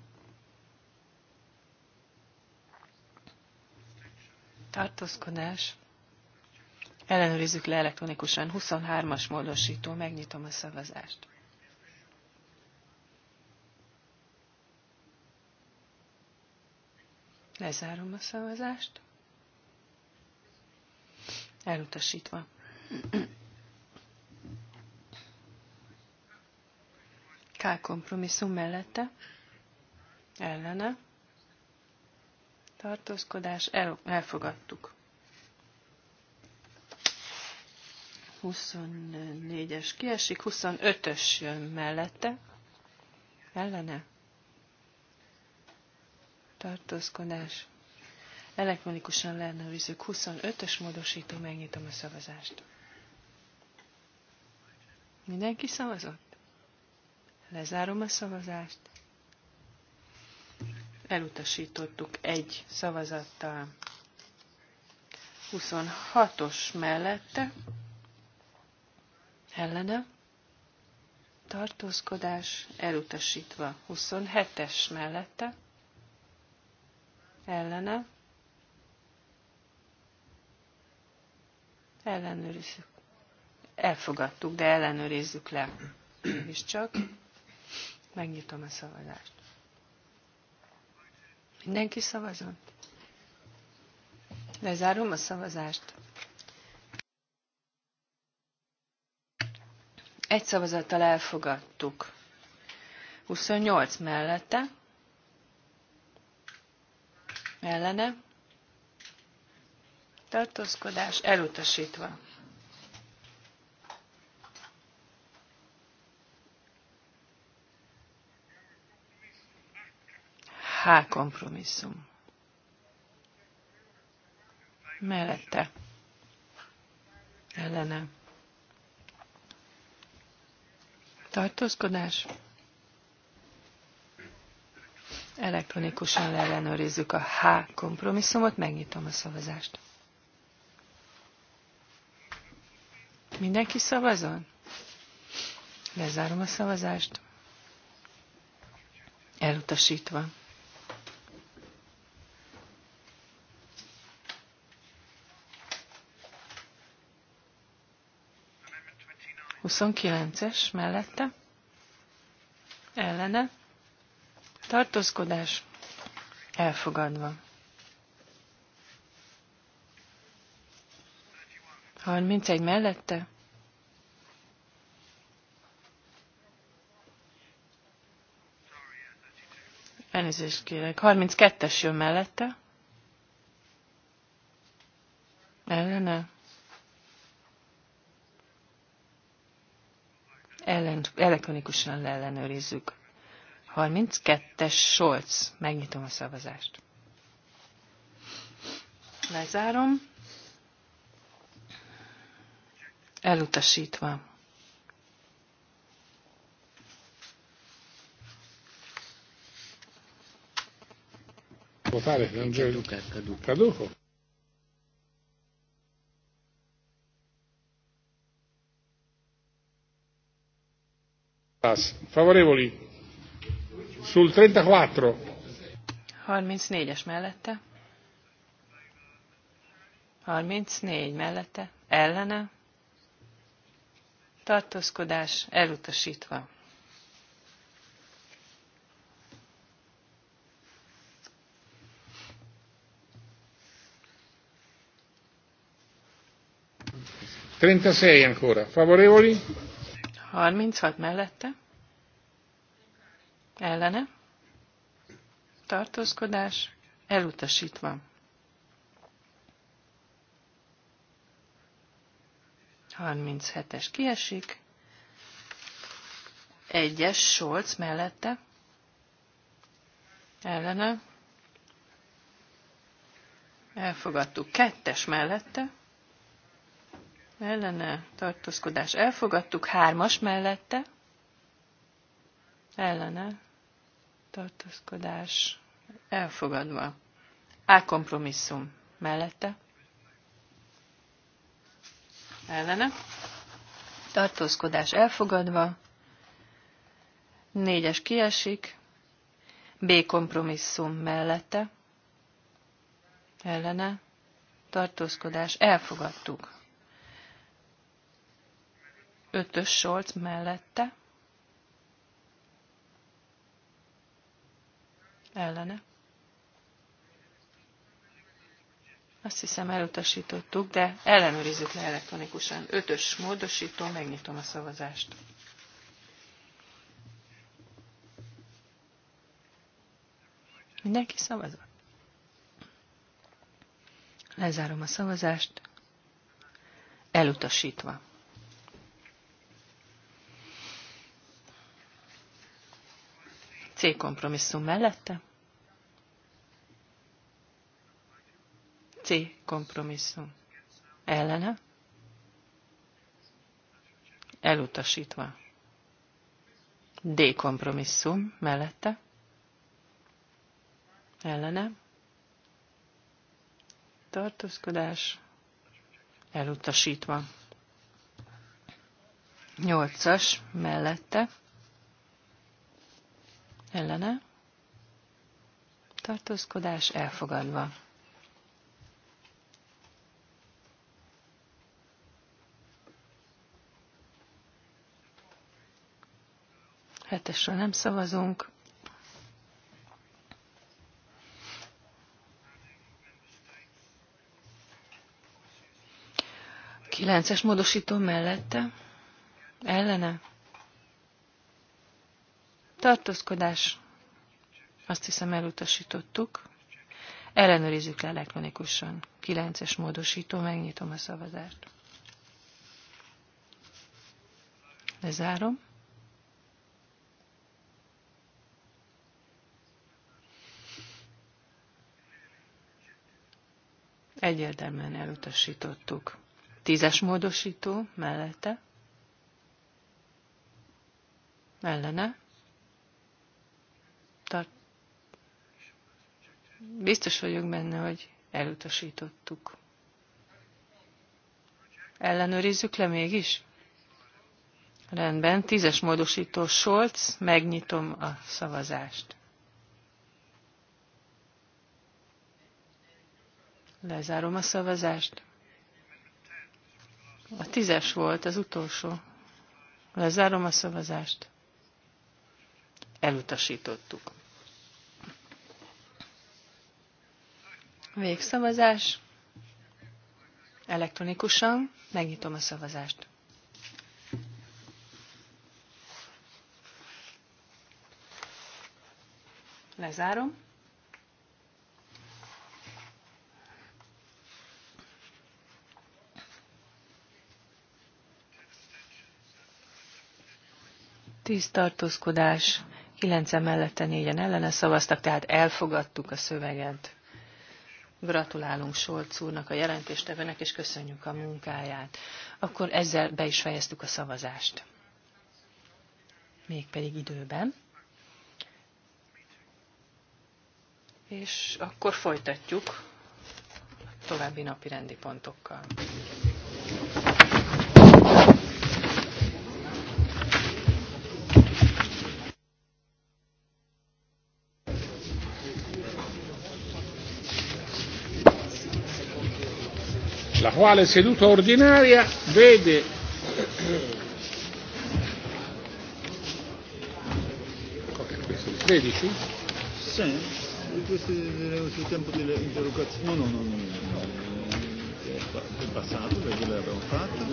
tartózkodás, ellenőrizzük le elektronikusan, 23-as módosító, megnyitom a szavazást. Lezárom a szavazást. Elutasítva. K kompromisszum mellette ellene, tartózkodás, el, elfogadtuk. 24-es kiesik, 25-ös jön mellette, ellene, tartózkodás, elektronikusan leellenőrizzük, 25-ös módosító, megnyitom a szavazást. Mindenki szavazott? Lezárom a szavazást elutasítottuk egy szavazattal. 26-os mellette ellene tartózkodás elutasítva. 27-es mellette ellene ellenőrizzük. Elfogadtuk, de ellenőrizzük le. És csak megnyitom a szavazást. Mindenki szavazott? Lezárom a szavazást. Egy szavazattal elfogadtuk. 28 mellette. Ellene. Tartózkodás elutasítva. H kompromisszum. Mellette. Ellene. Tartózkodás. Elektronikusan ellenőrizzük a H kompromisszumot, megnyitom a szavazást. Mindenki szavazon? Lezárom a szavazást. Elutasítva. 29-es mellette, ellene, tartózkodás elfogadva. 31 mellette, Elnézést kérek. 32-es jön mellette. Ellene. Ellen, elektronikusan leellenőrizzük. 32-es Solc. Megnyitom a szavazást. Lezárom. Elutasítva. Votare, non c'è Caduco? Favorevoli. Sul 34. 34-es mellette. 34 mellette. Ellene. Tartózkodás elutasítva. Trentasei ancora. Favorevoli? 36 mellette, ellene, tartózkodás, elutasítva. Harminc hetes kiesik, egyes solc mellette, ellene, elfogadtuk kettes mellette, ellene tartózkodás elfogadtuk, hármas mellette ellene tartózkodás elfogadva. A kompromisszum mellette ellene tartózkodás elfogadva, négyes kiesik, B kompromisszum mellette ellene tartózkodás elfogadtuk ötös Scholz mellette, ellene. Azt hiszem elutasítottuk, de ellenőrizzük le elektronikusan. Ötös módosító, megnyitom a szavazást. Mindenki szavazott? Lezárom a szavazást. Elutasítva. C kompromisszum mellette. C kompromisszum ellene. Elutasítva. D kompromisszum mellette. Ellene. Tartózkodás. Elutasítva. Nyolcas mellette ellene, tartózkodás elfogadva. Hetesről nem szavazunk. Kilences módosító mellette. Ellene Tartózkodás. Azt hiszem elutasítottuk. Ellenőrizzük le elektronikusan. kilences módosító, megnyitom a szavazást. Lezárom. Egyértelműen elutasítottuk. Tízes módosító mellette. Ellene. Biztos vagyok benne, hogy elutasítottuk. Ellenőrizzük le mégis? Rendben, tízes módosító Solc, megnyitom a szavazást. Lezárom a szavazást. A tízes volt az utolsó. Lezárom a szavazást. Elutasítottuk. Végszavazás. Elektronikusan megnyitom a szavazást. Lezárom. Tíz tartózkodás, Kilenc mellette négyen ellene szavaztak, tehát elfogadtuk a szöveget. Gratulálunk Solc úrnak, a jelentéstevőnek, és köszönjük a munkáját. Akkor ezzel be is fejeztük a szavazást. Mégpedig időben. És akkor folytatjuk a további napi rendi pontokkal. quale seduta ordinaria vede questo, Sì, questo era eh, sul tempo delle interrogazioni. No, no, no, no, no. Eh, del passato, perché l'abbiamo fatto.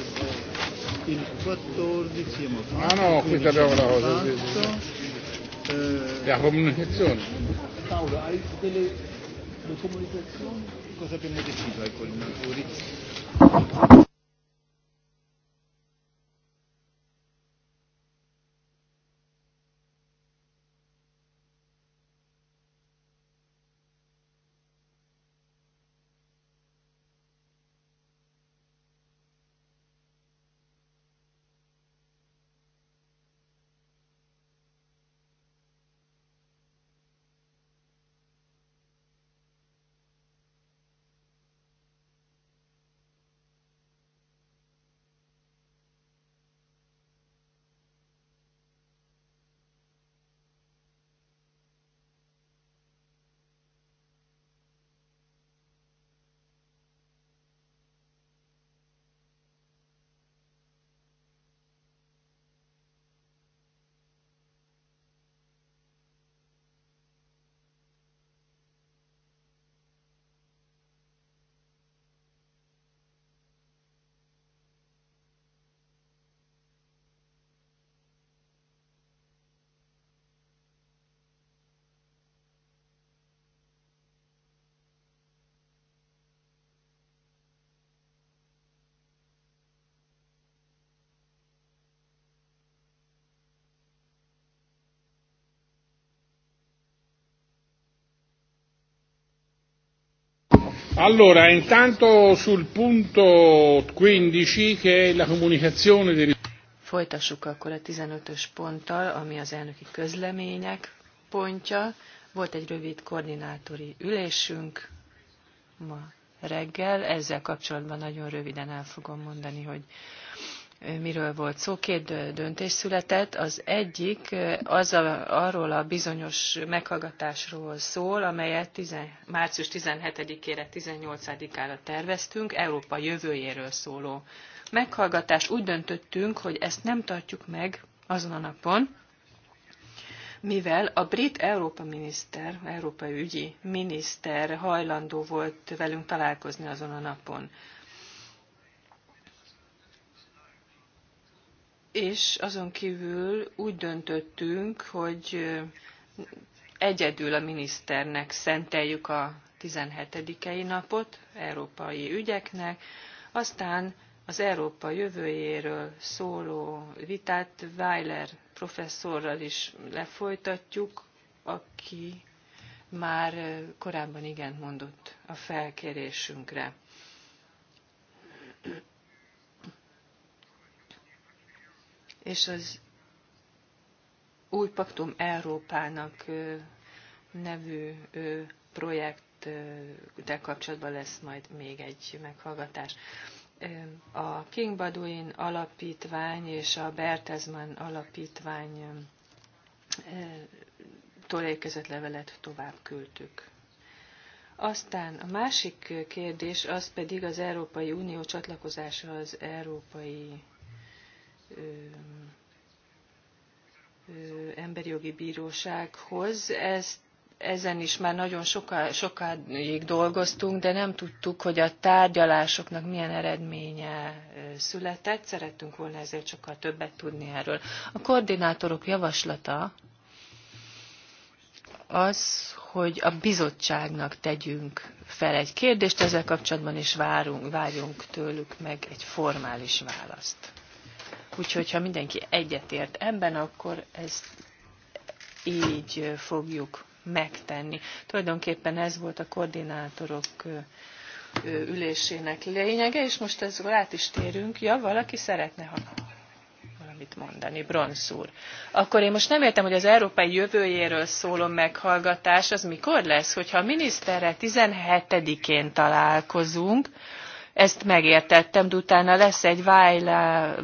Il 14 fatto. Ah no, abbiamo la cosa. eh, la comunicazione. Paolo, hai delle le comunicazioni cosa abbiamo deciso ai coordinatori? Allora, intanto sul punto 15 che è la comunicazione dei Folytassuk akkor a 15-ös ponttal, ami az elnöki közlemények pontja. Volt egy rövid koordinátori ülésünk ma reggel. Ezzel kapcsolatban nagyon röviden el fogom mondani, hogy miről volt szó. Két döntés született. Az egyik az a, arról a bizonyos meghallgatásról szól, amelyet 10, március 17-ére, 18-ára terveztünk, Európa jövőjéről szóló meghallgatás. Úgy döntöttünk, hogy ezt nem tartjuk meg azon a napon, mivel a brit Európa miniszter, Európai ügyi miniszter hajlandó volt velünk találkozni azon a napon. és azon kívül úgy döntöttünk, hogy egyedül a miniszternek szenteljük a 17-ei napot európai ügyeknek, aztán az Európa jövőjéről szóló vitát Weiler professzorral is lefolytatjuk, aki már korábban igent mondott a felkérésünkre. és az új Paktum Európának nevű projekttel kapcsolatban lesz majd még egy meghallgatás. A King Baduin alapítvány és a Bertezman alapítvány érkezett levelet tovább küldtük. Aztán a másik kérdés az pedig az Európai Unió csatlakozása az Európai emberi jogi bírósághoz. Ezt ezen is már nagyon soká, sokáig dolgoztunk, de nem tudtuk, hogy a tárgyalásoknak milyen eredménye született. Szerettünk volna ezért sokkal többet tudni erről. A koordinátorok javaslata az, hogy a bizottságnak tegyünk fel egy kérdést, ezzel kapcsolatban és várunk, várjunk tőlük meg egy formális választ. Úgyhogy, ha mindenki egyetért ebben, akkor ezt így fogjuk megtenni. Tulajdonképpen ez volt a koordinátorok ülésének lényege, és most ezzel át is térünk. Ja, valaki szeretne, ha valamit mondani, bronzúr. Akkor én most nem értem, hogy az európai jövőjéről szóló meghallgatás az mikor lesz, hogyha a miniszterrel 17-én találkozunk, ezt megértettem, de utána lesz egy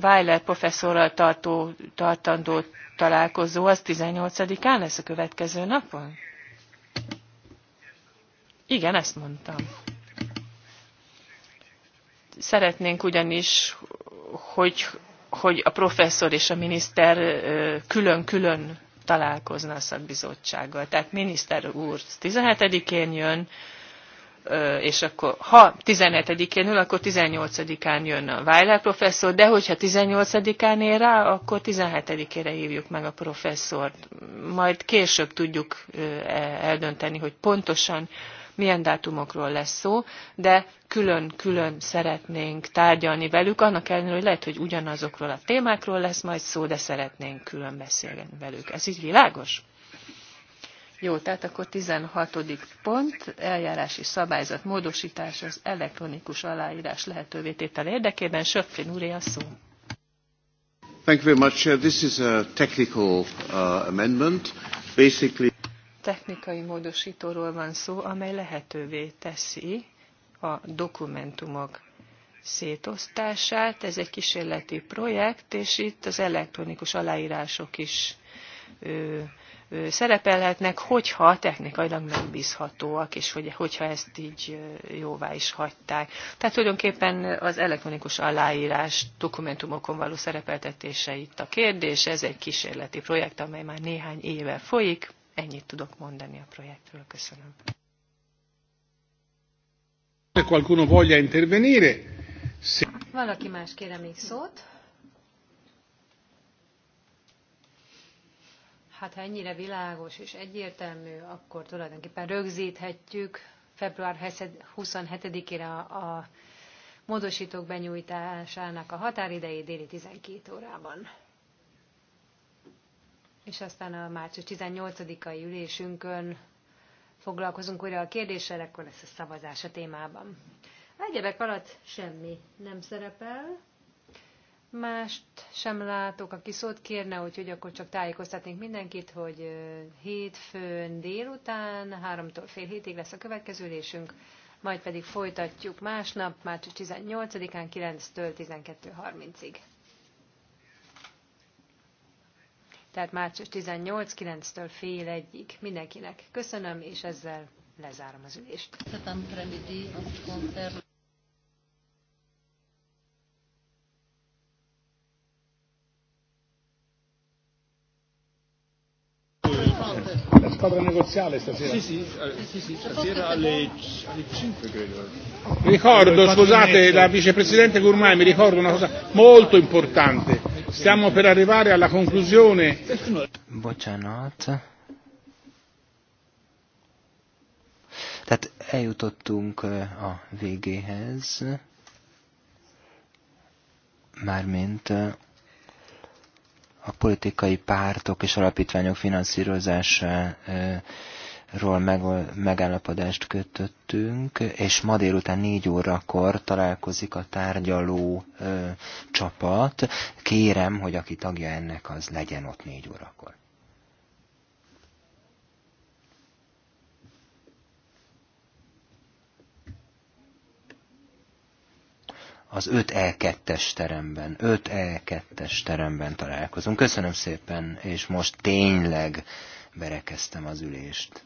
Weiler, professzorral tartó, tartandó találkozó, az 18-án lesz a következő napon? Igen, ezt mondtam. Szeretnénk ugyanis, hogy, hogy a professzor és a miniszter külön-külön találkozna a szakbizottsággal. Tehát miniszter úr 17-én jön, és akkor ha 17-én ül, akkor 18-án jön a Weiler professzor, de hogyha 18-án ér rá, akkor 17-ére hívjuk meg a professzort. Majd később tudjuk e, eldönteni, hogy pontosan milyen dátumokról lesz szó, de külön-külön szeretnénk tárgyalni velük, annak ellenére, hogy lehet, hogy ugyanazokról a témákról lesz majd szó, de szeretnénk külön beszélni velük. Ez így világos? Jó, tehát akkor 16. pont, eljárási szabályzat módosítás az elektronikus aláírás lehetővé tétel érdekében. Söpflin úré a szó. Thank you very much. This is a technical uh, amendment. Basically... Technikai módosítóról van szó, amely lehetővé teszi a dokumentumok szétosztását. Ez egy kísérleti projekt, és itt az elektronikus aláírások is uh, szerepelhetnek, hogyha technikailag megbízhatóak, és hogy, hogyha ezt így jóvá is hagyták. Tehát tulajdonképpen az elektronikus aláírás dokumentumokon való szerepeltetése itt a kérdés, ez egy kísérleti projekt, amely már néhány éve folyik. Ennyit tudok mondani a projektről. Köszönöm. Valaki más kérem még szót? Hát ha ennyire világos és egyértelmű, akkor tulajdonképpen rögzíthetjük február 27-ére a módosítók benyújtásának a határidei déli 12 órában. És aztán a március 18-ai ülésünkön foglalkozunk újra a kérdéssel, akkor lesz a szavazás a témában. Egyebek alatt semmi nem szerepel. Mást sem látok, aki szót kérne, úgyhogy akkor csak tájékoztatnék mindenkit, hogy hétfőn délután, háromtól fél hétig lesz a következő ülésünk, majd pedig folytatjuk másnap, március 18-án 9-től 12.30-ig. Tehát március 18, 9-től fél egyig mindenkinek. Köszönöm, és ezzel lezárom az ülést. squadra negoziale stasera? Sì, sì, eh, sì, sì stasera alle, alle 5 credo. ricordo, e scusate, la vicepresidente Gourmai, mi ricordo una cosa molto importante. Stiamo per arrivare alla conclusione. Bocsánat. Tehát eljutottunk eh, a végéhez, mármint eh, a politikai pártok és alapítványok finanszírozásáról megállapodást kötöttünk, és ma délután négy órakor találkozik a tárgyaló csapat. Kérem, hogy aki tagja ennek, az legyen ott négy órakor. az 5E2-es teremben, 5E2-es teremben találkozunk. Köszönöm szépen, és most tényleg berekeztem az ülést.